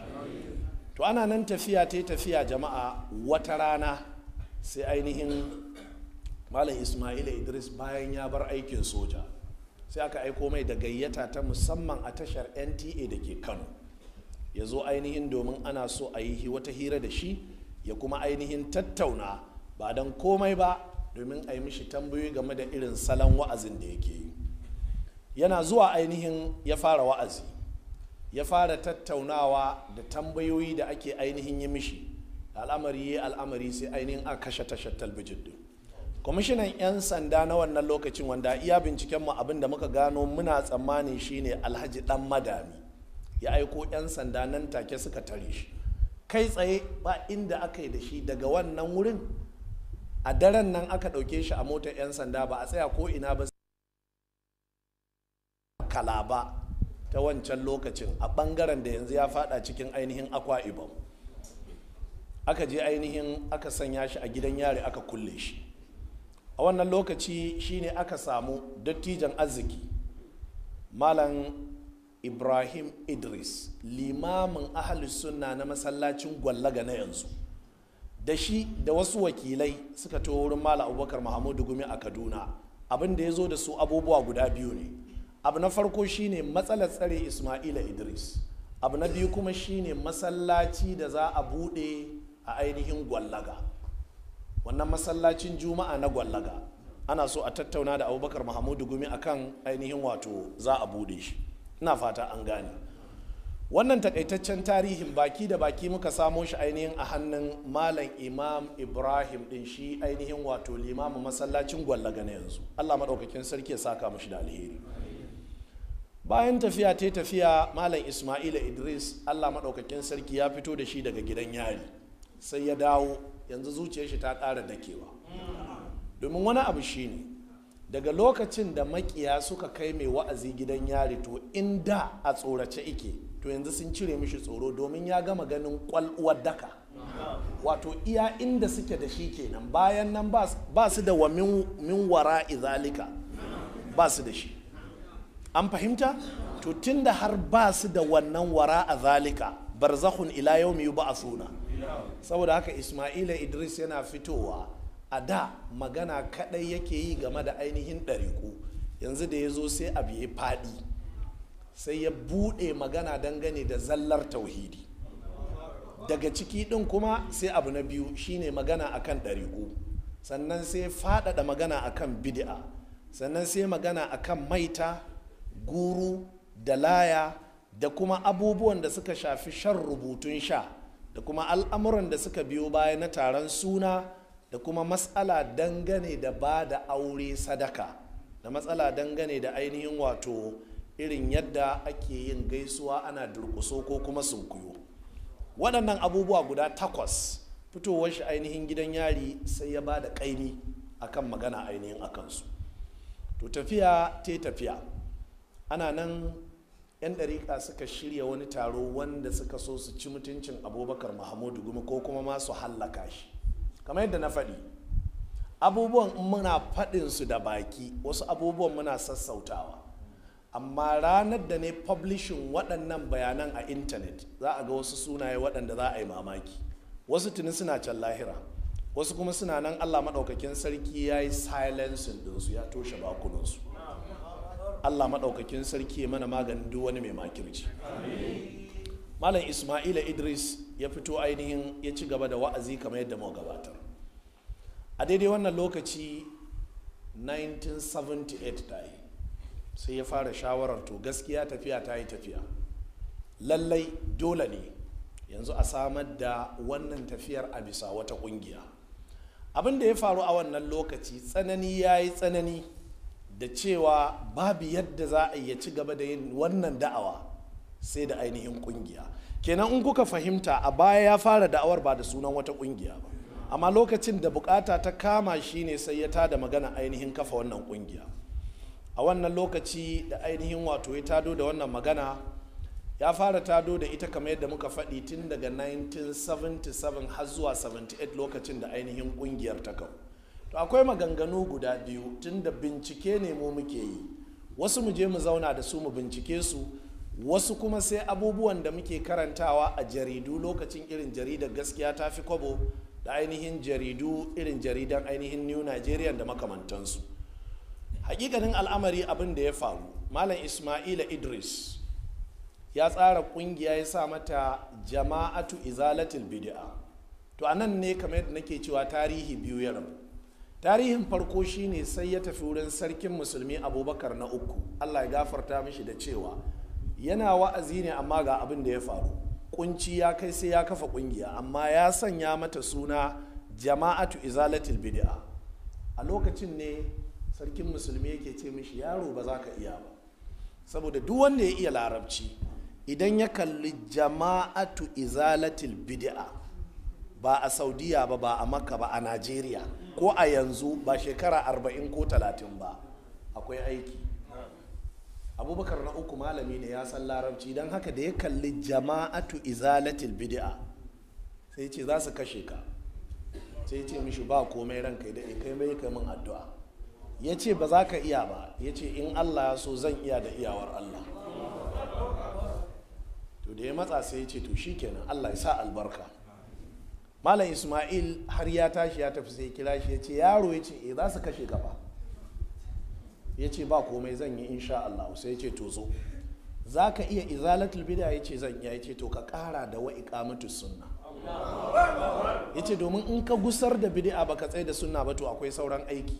to ana nan tafiya ta tafiya jama'a wata rana sai ainihin malam ismaila idris bayan ya bar aikin soja sai aka aiko mai da gayyata ta musamman a tashar nta da ke kano ya zo ainihin domin ana so a yi wata hira da shi ya kuma ainihin tattauna ba don komai ba domin a yi mishi tambayoyi game da irin salon wa'azin da yake yi yana zuwa ainihin ya fara wa'azi ya fara tattaunawa da tambayoyi da ake ainihin yi mishi al'amari ya al'amari sai ainihin a kashe tashar talbijin din kwamishinan 'yan sanda na wannan lokacin wanda iya bincikenmu mu abin da muka gano muna tsammani shine alhaji dan madami ya aiko 'yan sanda nan take suka tare shi kai tsaye ba inda aka yi da shi daga wannan wurin a daren nan aka ɗauke shi a motar 'yan sanda ba a tsaya ko ina ba kalaba ta wancan lokacin a ɓangaren da yanzu ya fada cikin ainihin akwa ibom aka je ainihin aka sanya shi a gidan yari aka kulle shi a wannan lokaci shine aka samu dattijan arziki malam ibrahim idris limamin ahalus sunna na masallacin gwallaga na yanzu da shi da wasu wakilai suka to wurin mala abubakar mahamudu gumi a kaduna abin da ya zo da su abubuwa guda biyu ne abu na farko shine matsalar tsare ismaila idris abu na biyu kuma shine masallaci da za a bude a ainihin gwallaga wannan masallacin juma'a na gwallaga ana so a tattauna da abubakar mahamudu gumi akan ainihin wato za a bude shi ina fata an gane wannan takaitaccen tarihin baki da baki muka samo shi ainihin a hannun malam imam ibrahim din shi ainihin wato limamu masallacin gwalla na yanzu allah maɗaukakin sarki ya saka mashi da alheri bayan tafiya ta tafiya malam ismaila idris allah maɗaukakin sarki ya fito da shi daga gidan yari sai ya dawo yanzu zuciyar shi ta ƙara dakewa domin wani abu shi ne. daga lokacin da makiya suka kai mai wa'azi gidan yari to inda a tsorace ike to yanzu sun cire mishi tsoro domin ya gama ganin kwal'uwar daka wato iya inda suke da shi kenan bayan nan ba su da wa min wara izalika ba su da shi an fahimta to tunda har ba su da wannan wara a zalika barzakhun ila yau yi ba a suna saboda haka ismaila idris yana fitowa a da magana kadai yake yi game da ainihin ɗariƙu yanzu da ya zo sai abu ya faɗi sai ya buɗe magana dangane da zallar tauhidi daga ciki ɗin kuma sai abu na biyu shine magana akan ɗariƙu sannan sai faɗaɗa magana akan bidi'a sannan sai magana akan maita guru da laya da kuma abubuwan da suka shafi shan rubutun sha da kuma al'amuran da suka biyo baya na taron suna da kuma matsala dangane da ba da aure sadaka da matsala dangane da ainihin wato irin yadda ake yin gaisuwa ana durkuso ko kuma sunkuyo waɗannan abubuwa guda takwas fitowar shi ainihin gidan yari sai ya ba da ƙaimi akan magana ainihin akansu to tafiya te tafiya ana nan 'yan ɗariƙa suka shirya wani taro wanda suka so su ci mutuncin abubakar mahamudu gumi ko kuma ma su hallaka shi kamar yadda na faɗi abubuwan muna faɗin su da baki wasu abubuwan muna sassautawa amma ranar da ne publishing waɗannan bayanan a intanet za a ga wasu sunaye waɗanda za a yi mamaki wasu tuni suna can lahira wasu kuma suna nan allah maɗaukakin sarki ya yi silencing ɗinsu ya toshe bakunansu allah maɗaukakin sarki mana maganin duk wani mai makirci malam ismaila idris ya fito ainihin ya ci gaba da wa'azi kamar yadda mu gabatar a daidai wannan lokaci 1978 ta yi sai ya fara shawarar to gaskiya tafiya ta yi tafiya lallai dole ne yanzu a samar da wannan tafiyar a bisa wata kungiya abin da ya faru a wannan lokaci tsanani ya yi tsanani da cewa babu yadda za a ya ci gaba da yin wannan da'awa sai da ainihin kungiya kenan in kuka fahimta a baya ya fara da'awar ba da sunan wata kungiya ba amma lokacin da bukata ta kama shi ne sai ya tada magana ainihin kafa wannan kungiya a wannan lokaci da ainihin wato ya tado da wannan magana ya fara tado da ita kamar yadda muka faɗi tun daga 1977 har zuwa 78 lokacin da ainihin kungiyar ta kau to akwai maganganu guda biyu tun da bincike ne mu muke yi wasu mu je mu zauna da su mu bincike su wasu kuma sai abubuwan da muke karantawa a jaridu lokacin irin jaridar gaskiya ta fi kwabo da ainihin jaridu irin jaridan ainihin new nigerian da makamantansu hakikanin al'amari abin da ya faru malam ismaila idris ya tsara kungiya ya sa mata jama'atu izalatul Bidi'a. to a nan ne kamar yadda nake cewa tarihi biyu ya rabu tarihin farko shine sai ya tafi wurin sarkin musulmi abubakar na uku allah ya gafarta mishi da cewa yana wa'azi ne amma ga abin da ya faru kunci ya kai sai ya kafa kungiya amma ya sanya mata suna jama'atu izalatul Bidi'a. a lokacin ne sarkin musulmi yake ce mishi yaro ba za ka iya ba saboda duk wanda ya iya larabci idan ya kalli jama'atu izalatul Bidi'a, ba a saudiya ba ba a makka ba a najeriya ko a yanzu ba shekara 40 ko 30 ba akwai aiki abubakar na uku malami ne ya san larabci don haka da ya kalli jama'atu izalatil bid'a sai ce za su kashe ka sai ce mishi ba komai ranka da kai mai kai min addu'a ya ce ba za ka iya ba ya ce in allah ya so zan iya da iyawar allah to da ya matsa sai ya ce to shi kenan allah ya sa albarka malam ismail har ya tashi ya tafi sai kira shi ya ce yaro ya ce eh, za su kashe ka ba ya ce ba komai zan yi insha Allah sai ya ce to zo za ka iya izalatul bida ya ce zan iya ya ce to ka kara da wa mutu sunna ya ce domin in ka gusar da bid'a baka tsaye da sunna ba to akwai sauran aiki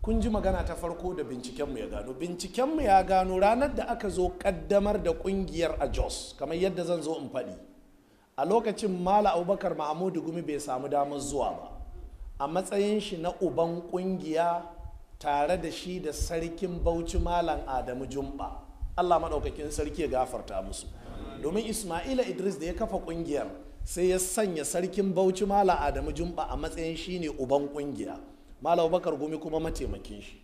kun ji magana ta farko da bincikenmu ya gano bincikenmu ya gano ranar da aka zo kaddamar da kungiyar a jos kamar yadda zan zo in faɗi a lokacin mala abubakar mahamudu gumi bai samu damar zuwa ba a matsayin shi na uban kungiya tare da shi da sarkin bauchi malam adamu jumba allah maɗaukakin sarki ya gafarta musu domin ismaila idris da ya kafa ƙungiyar sai ya sanya sarkin bauchi malam adamu jumba a matsayin shine uban ƙungiya malam bakar gumi kuma mataimakin shi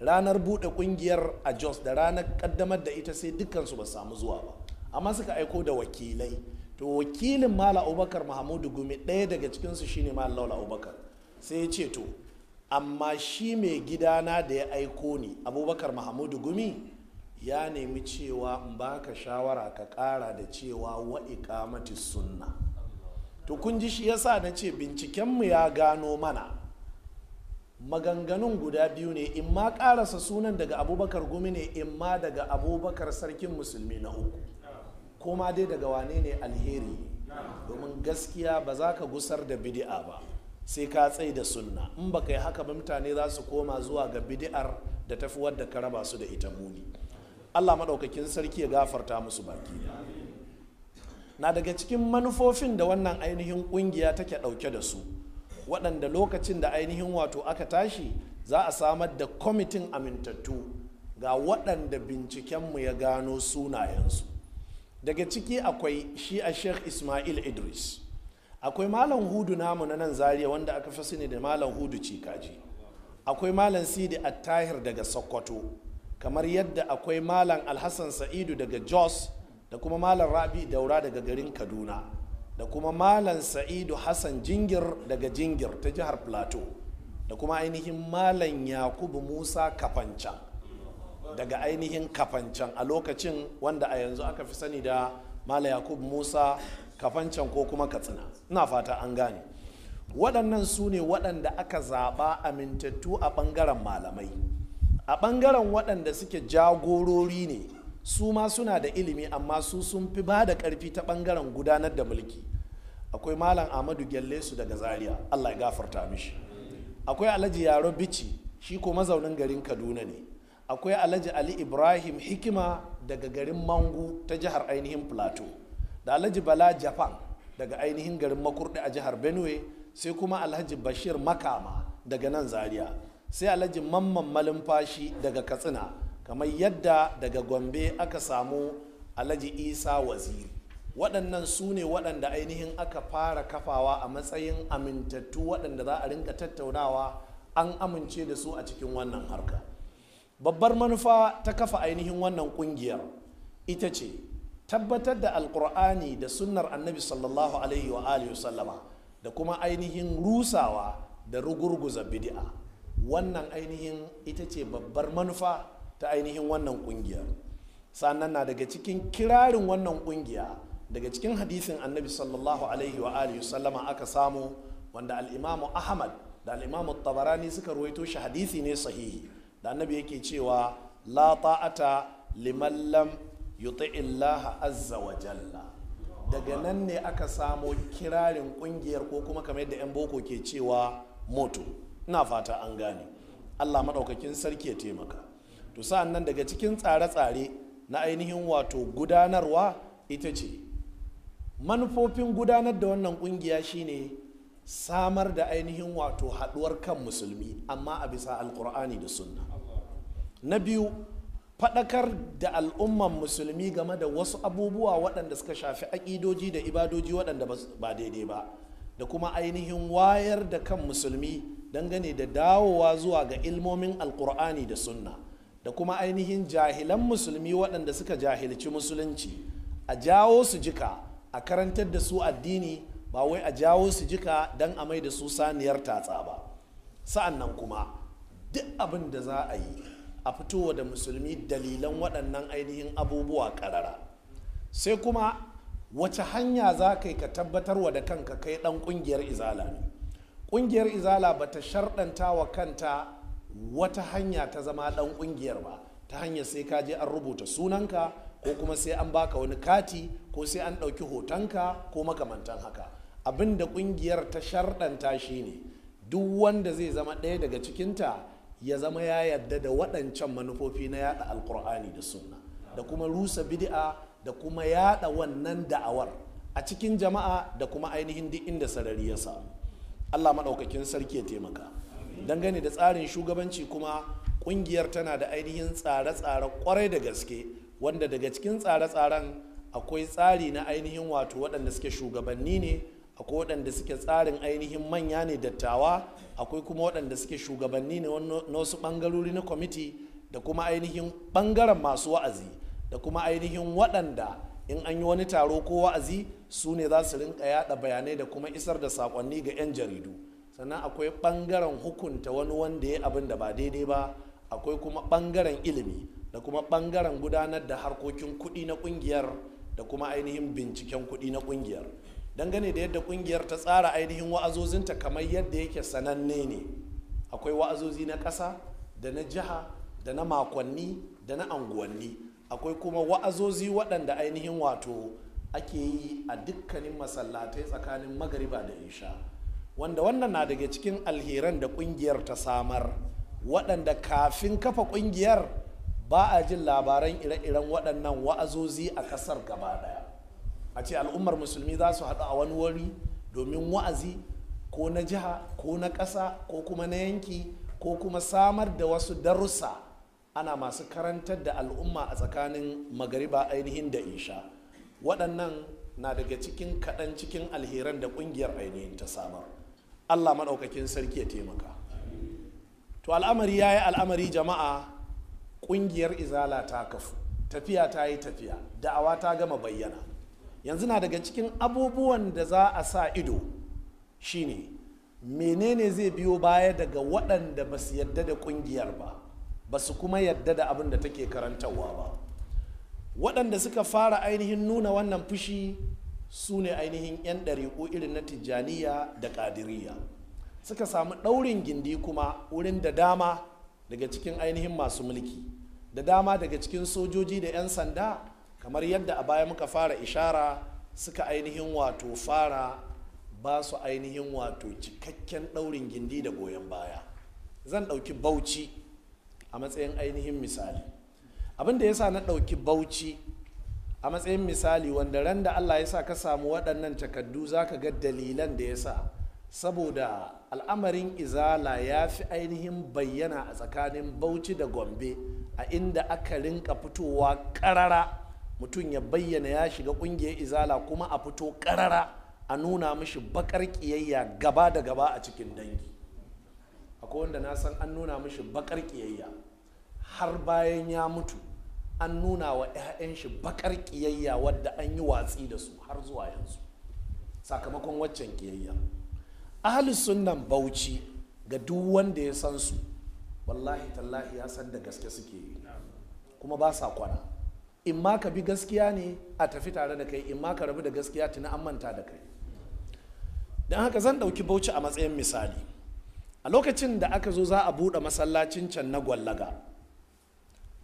ranar buɗe ƙungiyar a jos da ranar ƙaddamar da ita sai dukansu ba samu zuwa ba amma suka aiko da wakilai to wakilin malam abubakar mahamudu gumi ɗaya daga cikinsu shine malam laula abubakar sai ya ce to amma shi mai gidana da ya aiko ni abubakar mahamudu gumi ya nemi cewa in baka shawara ka kara da cewa wa ikamati sunna to kun ji shi yasa na ce bincikenmu ya gano mana maganganun guda biyu ne in ma karasa sunan daga abubakar gumi ne in ma daga abubakar sarkin musulmi na uku koma dai daga wane ne alheri domin gaskiya ba za ka gusar da bidi'a ba sai ka tsaye da sunna in ba ka yi haka ba mutane za su koma zuwa ga bidi'ar da tafi wadda ka raba su da ita muni allah maɗaukakin sarki ya gafarta musu baki na daga cikin manufofin da wannan ainihin ƙungiya take ɗauke da su waɗanda lokacin da ainihin wato aka tashi za a samar da kwamitin amintattu ga waɗanda bincikenmu ya gano sunayensu daga ciki akwai shi a sheikh ismail idris akwai malam hudu namu na nan zaria wanda aka fi sani da malam hudu cikaji akwai malam sidi attahir daga sokoto kamar yadda akwai malam alhassan sa'idu daga jos da kuma malam rabi daura daga garin kaduna da kuma malam sa'idu hassan jingir daga jingir ta jihar plateau da kuma ainihin malam yakubu musa kafancan daga ainihin kafancan a lokacin wanda a yanzu aka fi sani da malam yakubu musa kafancan ko kuma katsina ina fata an gane waɗannan su ne waɗanda aka zaɓa amintattu a ɓangaren malamai a ɓangaren waɗanda suke jagorori ne su ma suna da ilimi amma su sun fi ba da ƙarfi ta ɓangaren gudanar da mulki akwai malam Amadu gyalle su daga zaria allah ya gafarta mishi akwai alhaji yaro bici shi ko mazaunin garin kaduna ne akwai alhaji ali ibrahim hikima daga garin mangu ta jihar ainihin plateau da alhaji bala japan daga ainihin garin makurdi a jihar benue sai kuma alhaji bashir makama daga nan zaria sai alhaji mamman malumfashi daga katsina kamar yadda daga gombe aka samu alhaji isa waziri waɗannan su ne waɗanda ainihin aka fara kafawa a matsayin amintattu waɗanda za a rinka tattaunawa an amince da su a cikin wannan harka babbar manufa ta kafa ainihin wannan ƙungiyar ita ce tabbatar da alkur'ani da sunnar annabi sallallahu alaihi wa alihi sallama da kuma ainihin rusawa da rugurguza bid'a wannan ainihin ita ce babbar manufa ta ainihin wannan ƙungiyar. sannan na daga cikin kirarin wannan kungiya daga cikin hadisin annabi sallallahu alaihi wa alihi sallama aka samu wanda al'imamu ahmad da al'imamu tabarani suka ruwaito shi hadisi ne sahihi da annabi yake cewa la ta'ata liman lam illaha azza wa jalla daga nan ne aka samo kirarin kungiyar ko kuma kamar yadda 'yan boko ke cewa moto ina fata an gane allah maɗaukakin sarki ya taimaka to sa'an nan daga cikin tsare-tsare na ainihin wato gudanarwa ita ce manufofin gudanar da wannan kungiya shine samar da ainihin wato haɗuwar kan musulmi amma a bisa alkur'ani da sunna na biyu faɗakar da al'umman musulmi game da wasu abubuwa waɗanda suka shafi aƙidoji da ibadoji waɗanda ba daidai ba da kuma ainihin wayar da kan musulmi dangane da dawowa zuwa ga ilmomin alkur'ani da sunna da kuma ainihin jahilan musulmi waɗanda suka jahilci musulunci a jawo su jika a karantar da su addini ba wai a jawo su jika don a mai da su saniyar tatsa ba sa'an nan kuma duk abin da za a yi a fitowa da musulmi dalilan waɗannan ainihin abubuwa ƙarara sai kuma wace hanya za ka yi ka tabbatarwa da kanka kai ɗan ƙungiyar izala ne ƙungiyar izala ba ta sharɗanta wa kanta wata hanya ta zama ɗan ƙungiyar ba ta hanyar sai ka je an rubuta sunanka ko kuma sai an baka wani kati ko sai an ɗauki hotonka ko makamantan haka abin da ƙungiyar ta sharɗanta ne, duk wanda zai zama ɗaya daga cikinta ya zama ya yadda da waɗancan manufofi na yada alkur'ani da suna da kuma rusa bid'a da kuma yada wannan da'awar a cikin jama'a da kuma ainihin duk inda sarari ya samu allah maɗaukakin sarki ya taimaka dangane da tsarin shugabanci kuma ƙungiyar tana da ainihin tsare-tsare kwarai da gaske wanda daga cikin tsare-tsaren akwai tsari na ainihin wato waɗanda suke shugabanni ne akwai waɗanda suke tsarin ainihin manya ne dattawa akwai kuma waɗanda suke shugabanni ne na wasu ɓangarori na kwamiti da kuma ainihin ɓangaren masu wa'azi da kuma ainihin waɗanda in an yi wani taro ko wa'azi su ne za su rinka yaɗa bayanai da kuma isar da saƙonni ga 'yan jaridu sannan akwai ɓangaren hukunta wani wanda ya abin da ba daidai ba akwai kuma ɓangaren ilimi da kuma ɓangaren gudanar da harkokin kuɗi na ƙungiyar da kuma ainihin binciken kuɗi na ƙungiyar dangane da yadda kungiyar ta tsara ainihin wa'azozinta kamar yadda yake sananne ne akwai wa'azozi na ƙasa da na jiha da na makonni da na anguwanni akwai kuma wa'azozi waɗanda ainihin wato ake yi a dukkanin masallatai tsakanin magariba da isha wanda wannan na daga cikin alheran da kungiyar ta samar waɗanda kafin kafa kungiyar ba a jin labaran ire-iren waɗannan wa'azozi a ƙasar gaba ɗaya a ce al'ummar musulmi za su haɗu a wani wuri domin wa'azi ko na jiha ko na ƙasa ko kuma na yanki ko kuma samar da wasu darussa ana masu karantar da al'umma a tsakanin magariba ainihin da isha waɗannan na daga cikin kaɗan cikin alheran da ƙungiyar ainihin ta samar allah maɗaukakin sarki ya taimaka to al'amari ya yi al'amari jama'a ƙungiyar izala ta kafu tafiya ta yi tafiya da'awa ta gama bayyana yanzu na daga cikin abubuwan da za a sa ido shine menene zai biyo baya daga waɗanda ba su yadda da ƙungiyar ba ba su kuma yadda da abin da take karantarwa ba waɗanda suka fara ainihin nuna wannan fushi su ne ainihin 'yan ɗariƙo irin na tijjaniya da ƙadiriya suka samu ɗaurin gindi kuma wurin da dama daga cikin ainihin masu mulki da dama daga cikin sojoji da 'yan sanda kamar yadda a baya muka fara ishara suka ainihin wato fara ba su ainihin wato cikakken ɗaurin gindi da goyon baya zan ɗauki bauchi a matsayin ainihin misali abin da ya sa na ɗauki bauchi a matsayin misali wanda ran da allah ya sa ka samu waɗannan takaddu za ka ga dalilan da ya sa saboda al'amarin izala ya fi ainihin bayyana a tsakanin bauchi da gombe a inda aka rinka fitowa ƙarara mutum ya bayyana ya shiga kungiyar izala kuma a fito karara a nuna mishi bakar ƙiyayya gaba da gaba a cikin dangi akwai wanda na san an nuna mishi bakar ƙiyayya har bayan ya mutu an nuna wa 'ya'yan shi bakar ƙiyayya wadda an yi watsi da su har zuwa yanzu sakamakon waccan ƙiyayya ahli sunnan bauchi ga duk wanda ya san su wallahi tallahi ya san da gaske suke yi kuma ba sa kwana in ma ka bi gaskiya ne a tafi tare da kai in ma ka rabu da gaskiya tuni an manta da kai don haka zan ɗauki bauchi a matsayin misali a lokacin da aka zo za a buɗe masallacin can na gwallaga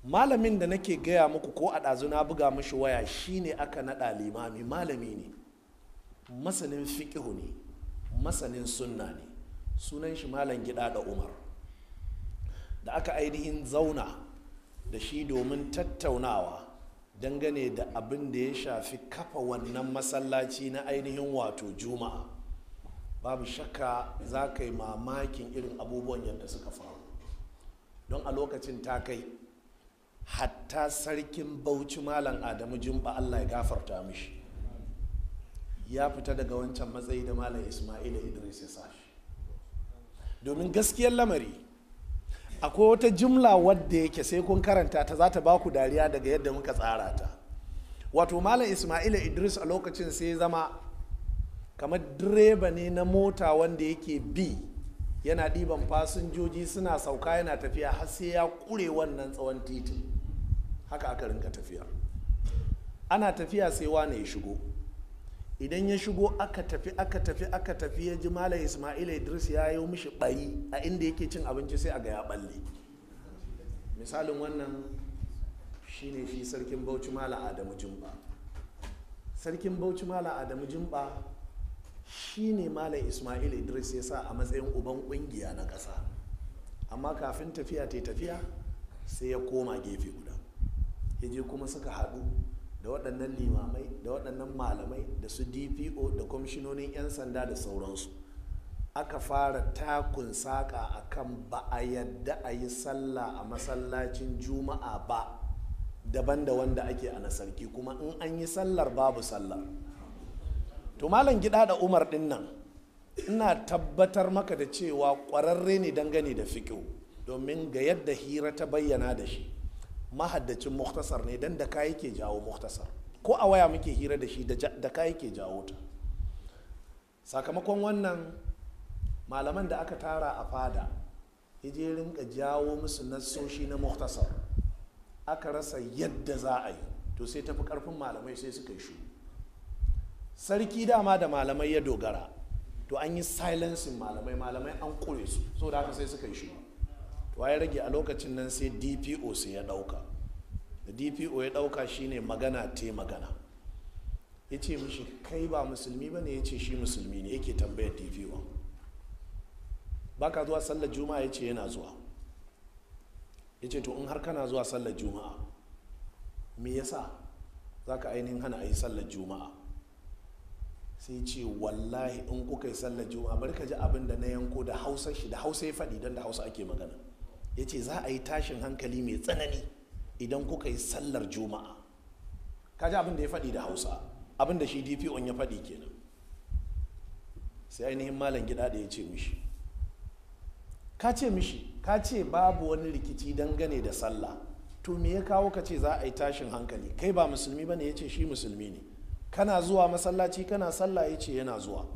malamin da nake gaya muku ko a ɗazu na buga mashi waya shine aka naɗa limami malami ne masanin fiƙihu ne masanin sunna ne sunan shi malam gida da umar da aka ainihin zauna da shi domin tattaunawa dangane da abin da ya shafi kafa wannan masallaci na ainihin wato juma'a babu shakka za ka yi mamakin irin abubuwan yadda suka faru don a lokacin ta kai hatta sarkin bauchi malam adamu jumba allah ya gafarta mishi ya fita daga wancan matsayi da malam ismaila idris ya sashi domin gaskiyar lamari akwai wata jumla wadda yake sai kun karanta ta za ta ba ku dariya daga yadda muka tsara ta wato malam ismaila idris a lokacin sai zama kamar direba ne na mota wanda yake bi yana ɗiban fasinjoji suna sauka yana tafiya har sai ya ƙure wannan tsawon titi haka aka rinka tafiya ana tafiya sai wane ya shigo idan ya shigo aka tafi aka tafi aka tafi ya ji malam ismail idris ya yi mishi bayi a inda yake cin abinci sai a ga ya balle misalin wannan shine shi sarkin bauchi malam adamu jimba sarkin bauchi malam adamu shi shine malam ismail idris ya sa a matsayin uban kungiya na ƙasa amma kafin tafiya ta tafiya sai ya koma gefe guda ya je kuma suka haɗu da waɗannan limamai da waɗannan malamai da su dpo da kwamishinonin 'yan sanda da sauransu aka fara takun saƙa a kan ba a yadda a yi sallah a masallacin juma'a ba daban da wanda ake a nasarki kuma in an yi sallar babu sallar to malam gida da umar din nan ina tabbatar maka da cewa ƙwararre ne dangane da fiƙo domin ga yadda hira ta bayyana da shi mahaddacin muktasar ne dan da kayi ke jawo muktasar ko a waya muke hira da shi da kayi ke jawo ta sakamakon wannan malaman da aka tara a fada je rinka jawo musu nasoshi na muktasar aka rasa yadda za a yi to sai tafi karfin malamai sai suka yi shi. sarki dama da malamai ya dogara to an yi silencing malamai malamai an kure su so da haka sai suka yi shi to ya rage a lokacin nan sai dpo sai ya dauka da dpo ya dauka shine magana te magana ya ce mishi kai ba musulmi ba ne ya ce shi musulmi ne yake tambayar dpo baka zuwa sallar juma'a ya ce yana zuwa ya ce to in har kana zuwa sallar juma'a me yasa za ka ainihin hana a yi sallar juma'a sai ce wallahi in kuka yi sallar juma'a bari ka ji abin da na yanko da hausa shi da hausa ya faɗi don da hausa ake magana ya ce za a yi tashin hankali mai tsanani idan kuka yi sallar juma'a kaji abin da ya faɗi da hausa abin da shi dpo ya faɗi kenan sai ainihin malam gida da ya ce mishi ka ce mishi ka ce babu wani rikici dangane da sallah to me ya kawo ka ce za a yi tashin hankali kai ba musulmi ba ne ya ce shi musulmi ne kana zuwa masallaci kana sallah ya ce yana zuwa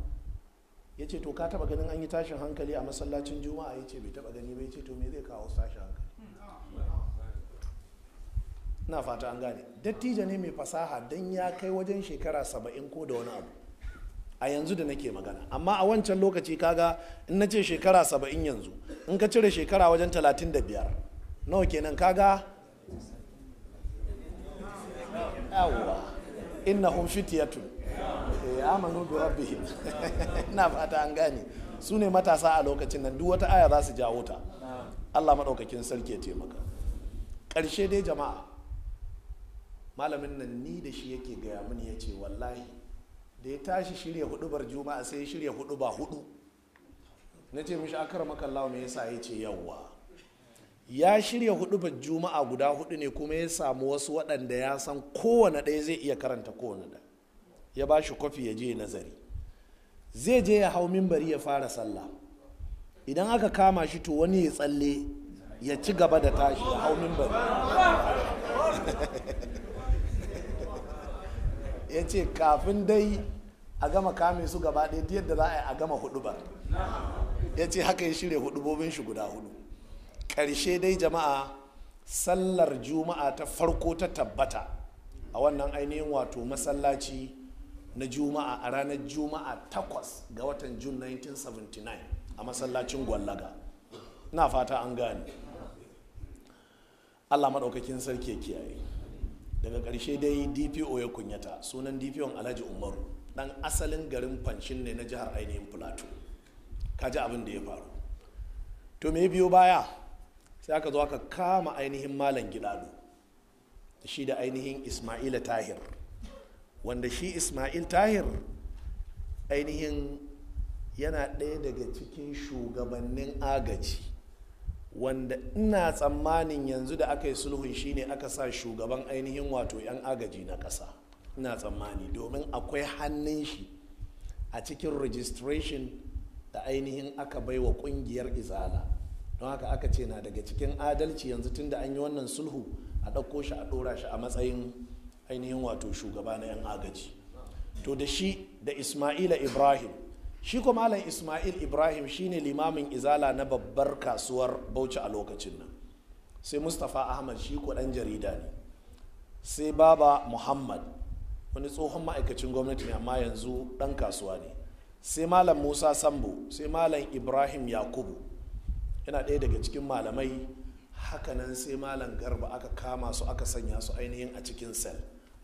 ya ce to ka taba ganin an yi tashin hankali a masallacin juma'a ya ce bai taba gani ba ya ce to me zai kawo tashin hankali na fata an gane dattijo ne mai fasaha don ya kai wajen shekara saba'in ko da wani abu a yanzu da nake magana amma a wancan lokaci kaga in na ce shekara saba'in yanzu in ka cire shekara wajen talatin da biyar nawa kenan kaga yawwa innahum fityatun amanu bi rabbihim fata an gane su ne matasa a lokacin nan duk wata aya za su jawo ta Allah maɗaukakin sarki ya taimaka ƙarshe dai jama'a malamin nan ni da shi yake gaya mini ya ce wallahi da ya tashi shirya huɗubar juma'a sai ya shirya hudu ba hudu na ce mishi akar makallawa me yasa ya ce yawwa ya shirya huɗubar juma'a guda hudu ne kuma ya samu wasu waɗanda ya san kowane ɗaya zai iya karanta kowane ɗaya ya ba shi kwafi ya je nazari zai je ya hau mimbari ya fara sallah idan aka kama shi to wani ya tsalle ya ci gaba da tashi ya hau mimbari ya ce kafin dai a gama kame su gaba ɗaya ta yadda za a yi a gama hudu ba ya ce haka ya shirya hudubobin shi guda hudu ƙarshe dai jama'a sallar juma'a ta farko ta tabbata a wannan ainihin wato masallaci na juma'a a ranar juma'a 8 ga watan Jun 1979 a masallacin gwallaga na fata an gane allah maɗaukakin sarki ya kiyaye daga ƙarshe dai dpo ya kunyata sunan dpo alhaji umaru ɗan asalin garin fanshin ne na jihar ainihin Ka ji abin da ya faru to me biyo baya sai aka zo aka kama ainihin malam gilalu shi da ainihin ismaila tahir wanda shi ismail tahir ainihin yana ɗaya daga cikin shugabannin agaji wanda ina tsammanin yanzu da aka yi sulhun ne aka sa shugaban ainihin wato 'yan agaji na ƙasa ina tsammani domin akwai hannun shi a cikin registration da ainihin aka bai wa ƙungiyar izala don haka aka ce na daga cikin adalci yanzu tunda an yi wannan sulhu a ɗauko shi a ɗora shi a matsayin ainihin wato shugaba na 'yan agaji to da shi da ismaila ibrahim shi kuma malam ismail ibrahim shine limamin izala na babbar kasuwar bauchi a lokacin nan sai mustapha ahmad shi ko dan jarida ne sai baba muhammad wani tsohon ma'aikacin gwamnati ne amma yanzu dan kasuwa ne sai malam musa sambo sai malam ibrahim yakubu yana ɗaya daga cikin malamai hakanan sai malam garba aka kama su aka sanya su ainihin a cikin sel.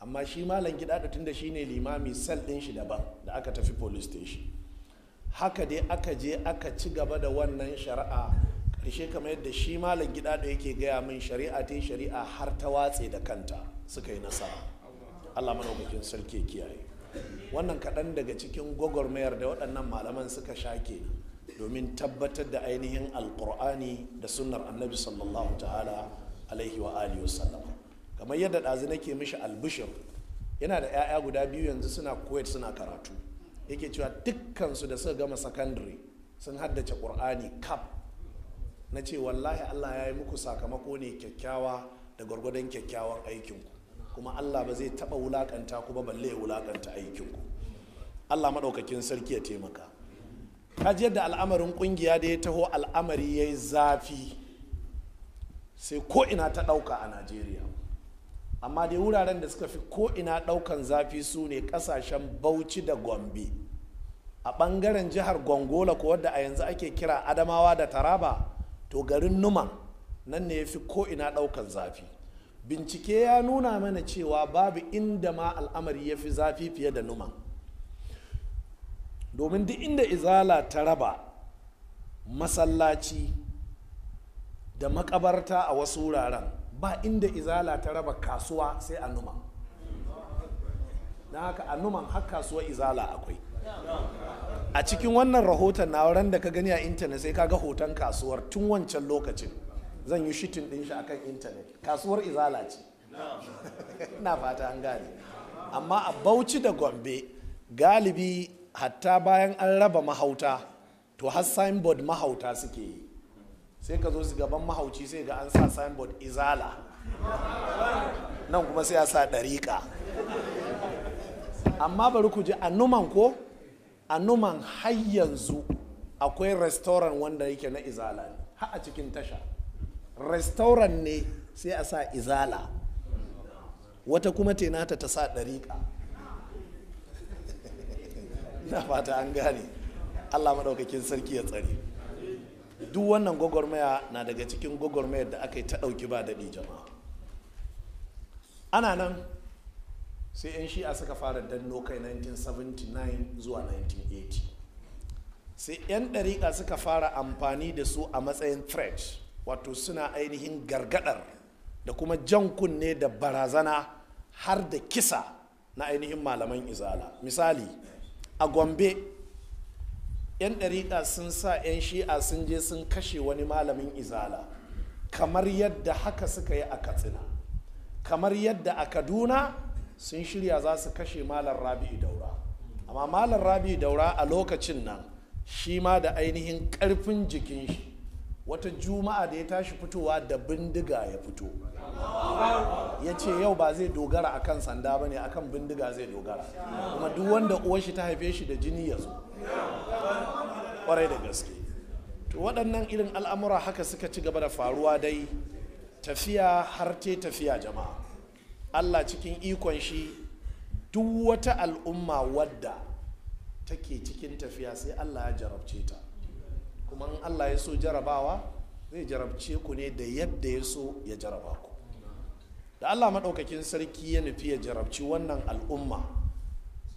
amma shi malam gida da tunda shine limami sel din shi daban da aka tafi police station haka dai aka je aka ci gaba da wannan shari'a karshe kamar yadda shi malam gida da yake gaya min shari'a ta shari'a har ta watse da kanta suka yi nasara allah manaukakin sarki kiyaye wannan kaɗan daga cikin gwagwarmayar da waɗannan malaman suka shake domin tabbatar da ainihin alƙur'ani da sunnar annabi sallallahu ta'ala alaihi wa alihi kamar yadda ɗazu nake mishi albishir yana da 'ya'ya guda biyu yanzu suna kuwait suna karatu yake cewa dukkansu da suka gama sakandare sun haddace ƙur'ani kaf na ce wallahi allah ya yi muku sakamako ne kyakkyawa da gwargwadon kyakkyawan aikinku kuma allah ba zai taɓa wulaƙanta ku ba balle ya wulaƙanta aikinku allah maɗaukakin sarki ya taimaka ka ji yadda al'amarin ƙungiya da ya taho al'amari ya yi zafi sai ko ina ta ɗauka a najeriya amma dai wuraren da suka fi ko'ina daukan zafi su ne kasashen bauchi da gombe a bangaren jihar gongola ko wadda a yanzu ake kira adamawa da taraba to garin numa nan ne ya fi ko'ina daukan zafi bincike ya nuna mana cewa babu inda ma al'amari ya fi zafi fiye da numan domin duk inda izala ta raba masallaci da makabarta a wasu wuraren ba inda izala ta raba kasuwa sai a numan na haka a numan har kasuwa izala akwai a cikin wannan rahoton na ran da ka gani a intanet sai ka ga hoton kasuwar tun wancan lokacin zan yi shitin din shi akan intanet kasuwar izala ce na fata an gane amma a bauchi da gombe galibi hatta bayan an raba mahauta to har signboard mahauta suke yi sai ka zo su gaban mahauci sai ga an sa signboard izala nan kuma sai a sa ɗariƙa amma bari ku ji a numan ko a har yanzu akwai restaurant wanda yake na izala ne ha a cikin tasha restaurant ne sai a sa izala wata kuma tenata ta sa ɗariƙa na fata an gane allah maɗaukakin sarki ya tsare duk wannan gwagwarmaya na daga cikin gwagwarmayar da aka yi ta ɗauki ba daɗi jama'a ana nan sai 'yan shi'a suka fara danno kai 1979 zuwa 1980 sai 'yan ɗariƙa suka fara amfani da su a matsayin threat wato suna ainihin gargaɗar da kuma jan kunne da barazana har da kisa na ainihin malaman izala misali a gombe 'yan ɗariƙa sun sa 'yan shi'a sun je sun kashe wani malamin izala kamar yadda haka suka yi a katsina kamar yadda a kaduna sun shirya za su kashe malar rabi'u daura amma malar rabi'u daura a lokacin nan shi ma da ainihin karfin jikin shi wata juma'a da ya tashi fitowa da bindiga ya fito ya ce yau ba zai dogara akan sanda ba ne akan bindiga zai dogara kuma duk wanda uwar shi ta haife shi da jini ya zo kwarai da gaske to waɗannan irin al'amura haka suka ci gaba da faruwa dai tafiya har te tafiya jama'a allah cikin ikon shi duk wata al'umma wadda take cikin tafiya sai allah ya jarabce ta kuma in allah ya so jarabawa zai jarabce ku ne da yadda ya so ya jaraba ku da allah maɗaukakin sarki ya nufi ya jarabci wannan al'umma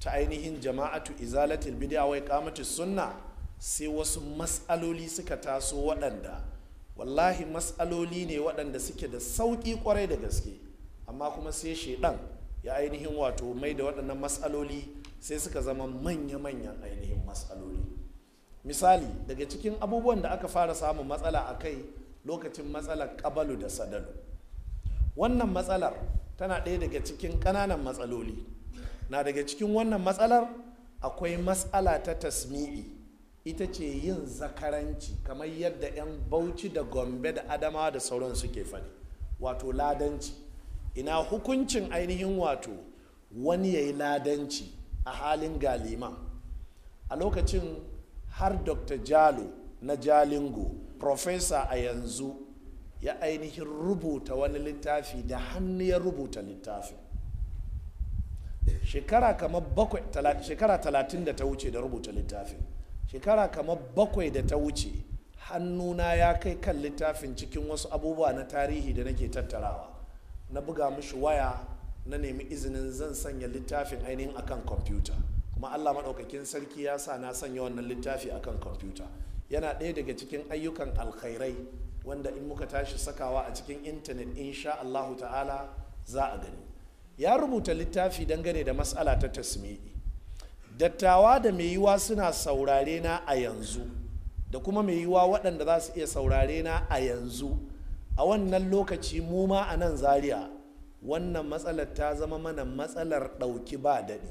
ta ainihin jama'atu izalatul bid'a wa kamatu sunna sai wasu mas'aloli suka taso waɗanda wallahi mas'aloli ne waɗanda suke da sauƙi kwarai da gaske amma kuma sai shaidan ya ainihin wato mai da waɗannan mas'aloli sai suka zama manya-manyan ainihin mas'aloli misali daga cikin abubuwan da aka fara samun matsala a kai lokacin matsalar ƙabalu da sadalu wannan matsalar tana ɗaya daga cikin ƙananan matsaloli na daga cikin wannan matsalar akwai matsala ta tasmi'i ita ce yin zakaranci kamar yadda 'yan bauchi da gombe da adama da sauran suke faɗi wato ladanci ina hukuncin ainihin wato wani ya yi ladanci a halin galima. a lokacin har dr jalo na jalingo profesa a yanzu ya ainihin rubuta wani littafi da hannu ya rubuta littafin shekara kamar bakwai talatin da ta wuce da rubuta littafin shekara kamar bakwai da ta wuce hannuna ya kai kan littafin cikin wasu abubuwa na tarihi da nake tattarawa na buga mishi waya na nemi izinin zan sanya littafin ainihin akan kwamfuta kuma allah maɗaukakin sarki ya sa na sanya wannan littafi akan kwamfuta yana ɗaya daga cikin ayyukan alkhairai wanda in muka tashi sakawa a cikin intanet insha allahu ta'ala za a gani ya rubuta littafi dangane da matsala ta tasmi'i dattawa da mai yiwa suna saurare na a yanzu da kuma mai yiwa waɗanda za su iya saurare na a yanzu a wannan lokaci mu ma a nan zaria wannan matsalar ta zama mana matsalar ɗauki ba daɗi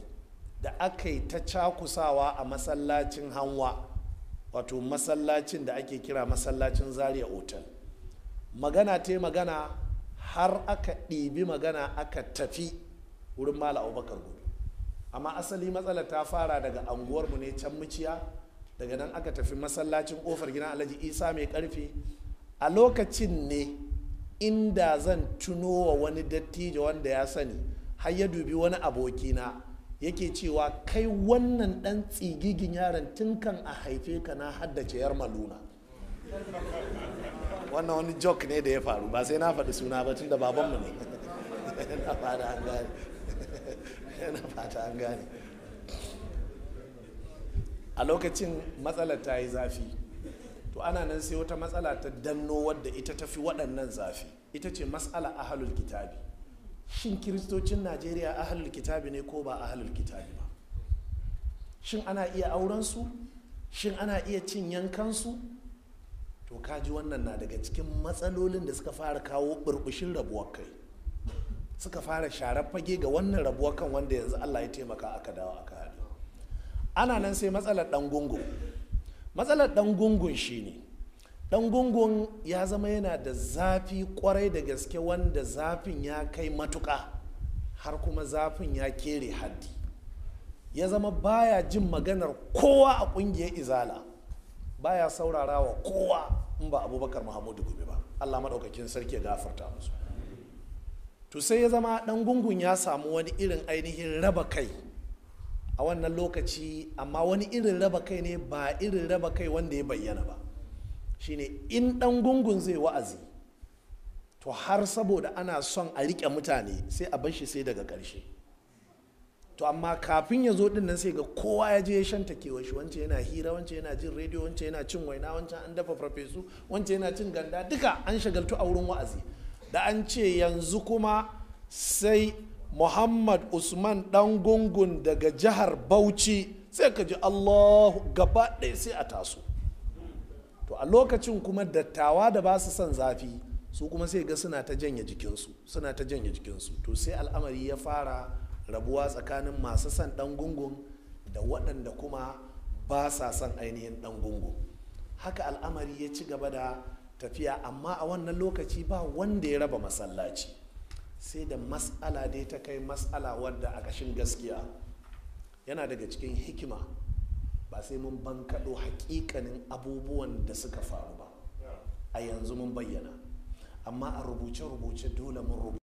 da aka yi ta cakusawa a masallacin hanwa wato masallacin da ake kira masallacin zaria otal magana te magana har aka ɗibi magana aka tafi wurin mala abubakar gobe amma asali matsala ta fara daga anguwarmu ne can muciya daga nan aka tafi masallacin ƙofar gina alhaji isa mai ƙarfi a lokacin ne inda zan tuno wa wani dattijo wanda ya sani har ya dubi wani abokina yake cewa kai wannan ɗan tsigigin yaron tun kan a haife ka na haddace yar maluna wannan wani jok ne da ya faru ba sai na faɗi suna ba tun da babanmu ne na fata an gane a lokacin matsalar ta yi zafi to ana nan sai wata matsala ta danno wadda ita ta fi waɗannan zafi ita ce matsala ahalul kitabi shin kiristocin najeriya ahalul kitabi ne ko ba ahalul kitabi ba shin ana iya aurensu shin ana iya cin yankansu to kaji wannan na daga cikin matsalolin da suka fara kawo burbushin rabuwar kai suka fara sharar fage ga wannan rabuwar kan wanda yanzu allah ya taimaka aka dawo aka haɗu ana nan sai matsalar ɗan gungun matsalar ɗan gungun shine ɗan gungun ya zama yana da zafi kwarai da gaske wanda zafin ya kai matuka. har kuma zafin ya kere haddi ya zama baya jin maganar kowa a kungiyar izala baya saurara wa kowa in ba abubakar muhammadu gobe ba allah maɗaukakin sarki ya gafarta musu to sai ya zama ɗan gungun ya samu wani irin ainihin raba kai a wannan lokaci amma wani irin raba kai ne ba irin raba kai wanda ya bayyana ba shine in ɗan gungun zai wa'azi to har saboda ana son a riƙe mutane sai a bar shi sai daga ƙarshe to amma kafin ya zo din nan sai ga kowa ya je ya shanta kewa shi wance yana hira wance yana jin rediyo wance yana cin waina wance an dafa farfesu wance yana cin ganda duka an shagaltu a wurin wa'azi da an ce yanzu kuma sai muhammad usman dan gungun daga jihar bauchi sai ka ji allahu gaba ɗaya sai a taso to a lokacin kuma dattawa da ba su son zafi su kuma sai ga suna ta janye jikinsu suna ta janye jikinsu to sai al'amari ya fara rabuwa tsakanin masu son ɗan gungun da waɗanda kuma ba sa son ainihin ɗan gungun haka al'amari ya ci gaba da tafiya amma a wannan lokaci ba wanda ya raba masallaci sai da mas'ala dai ta kai matsala wadda a ƙashin gaskiya yana daga cikin hikima ba sai mun bankaɗo hakikanin abubuwan da suka faru ba a yanzu mun bayyana amma a rubuce-rubuce dole mun rubuce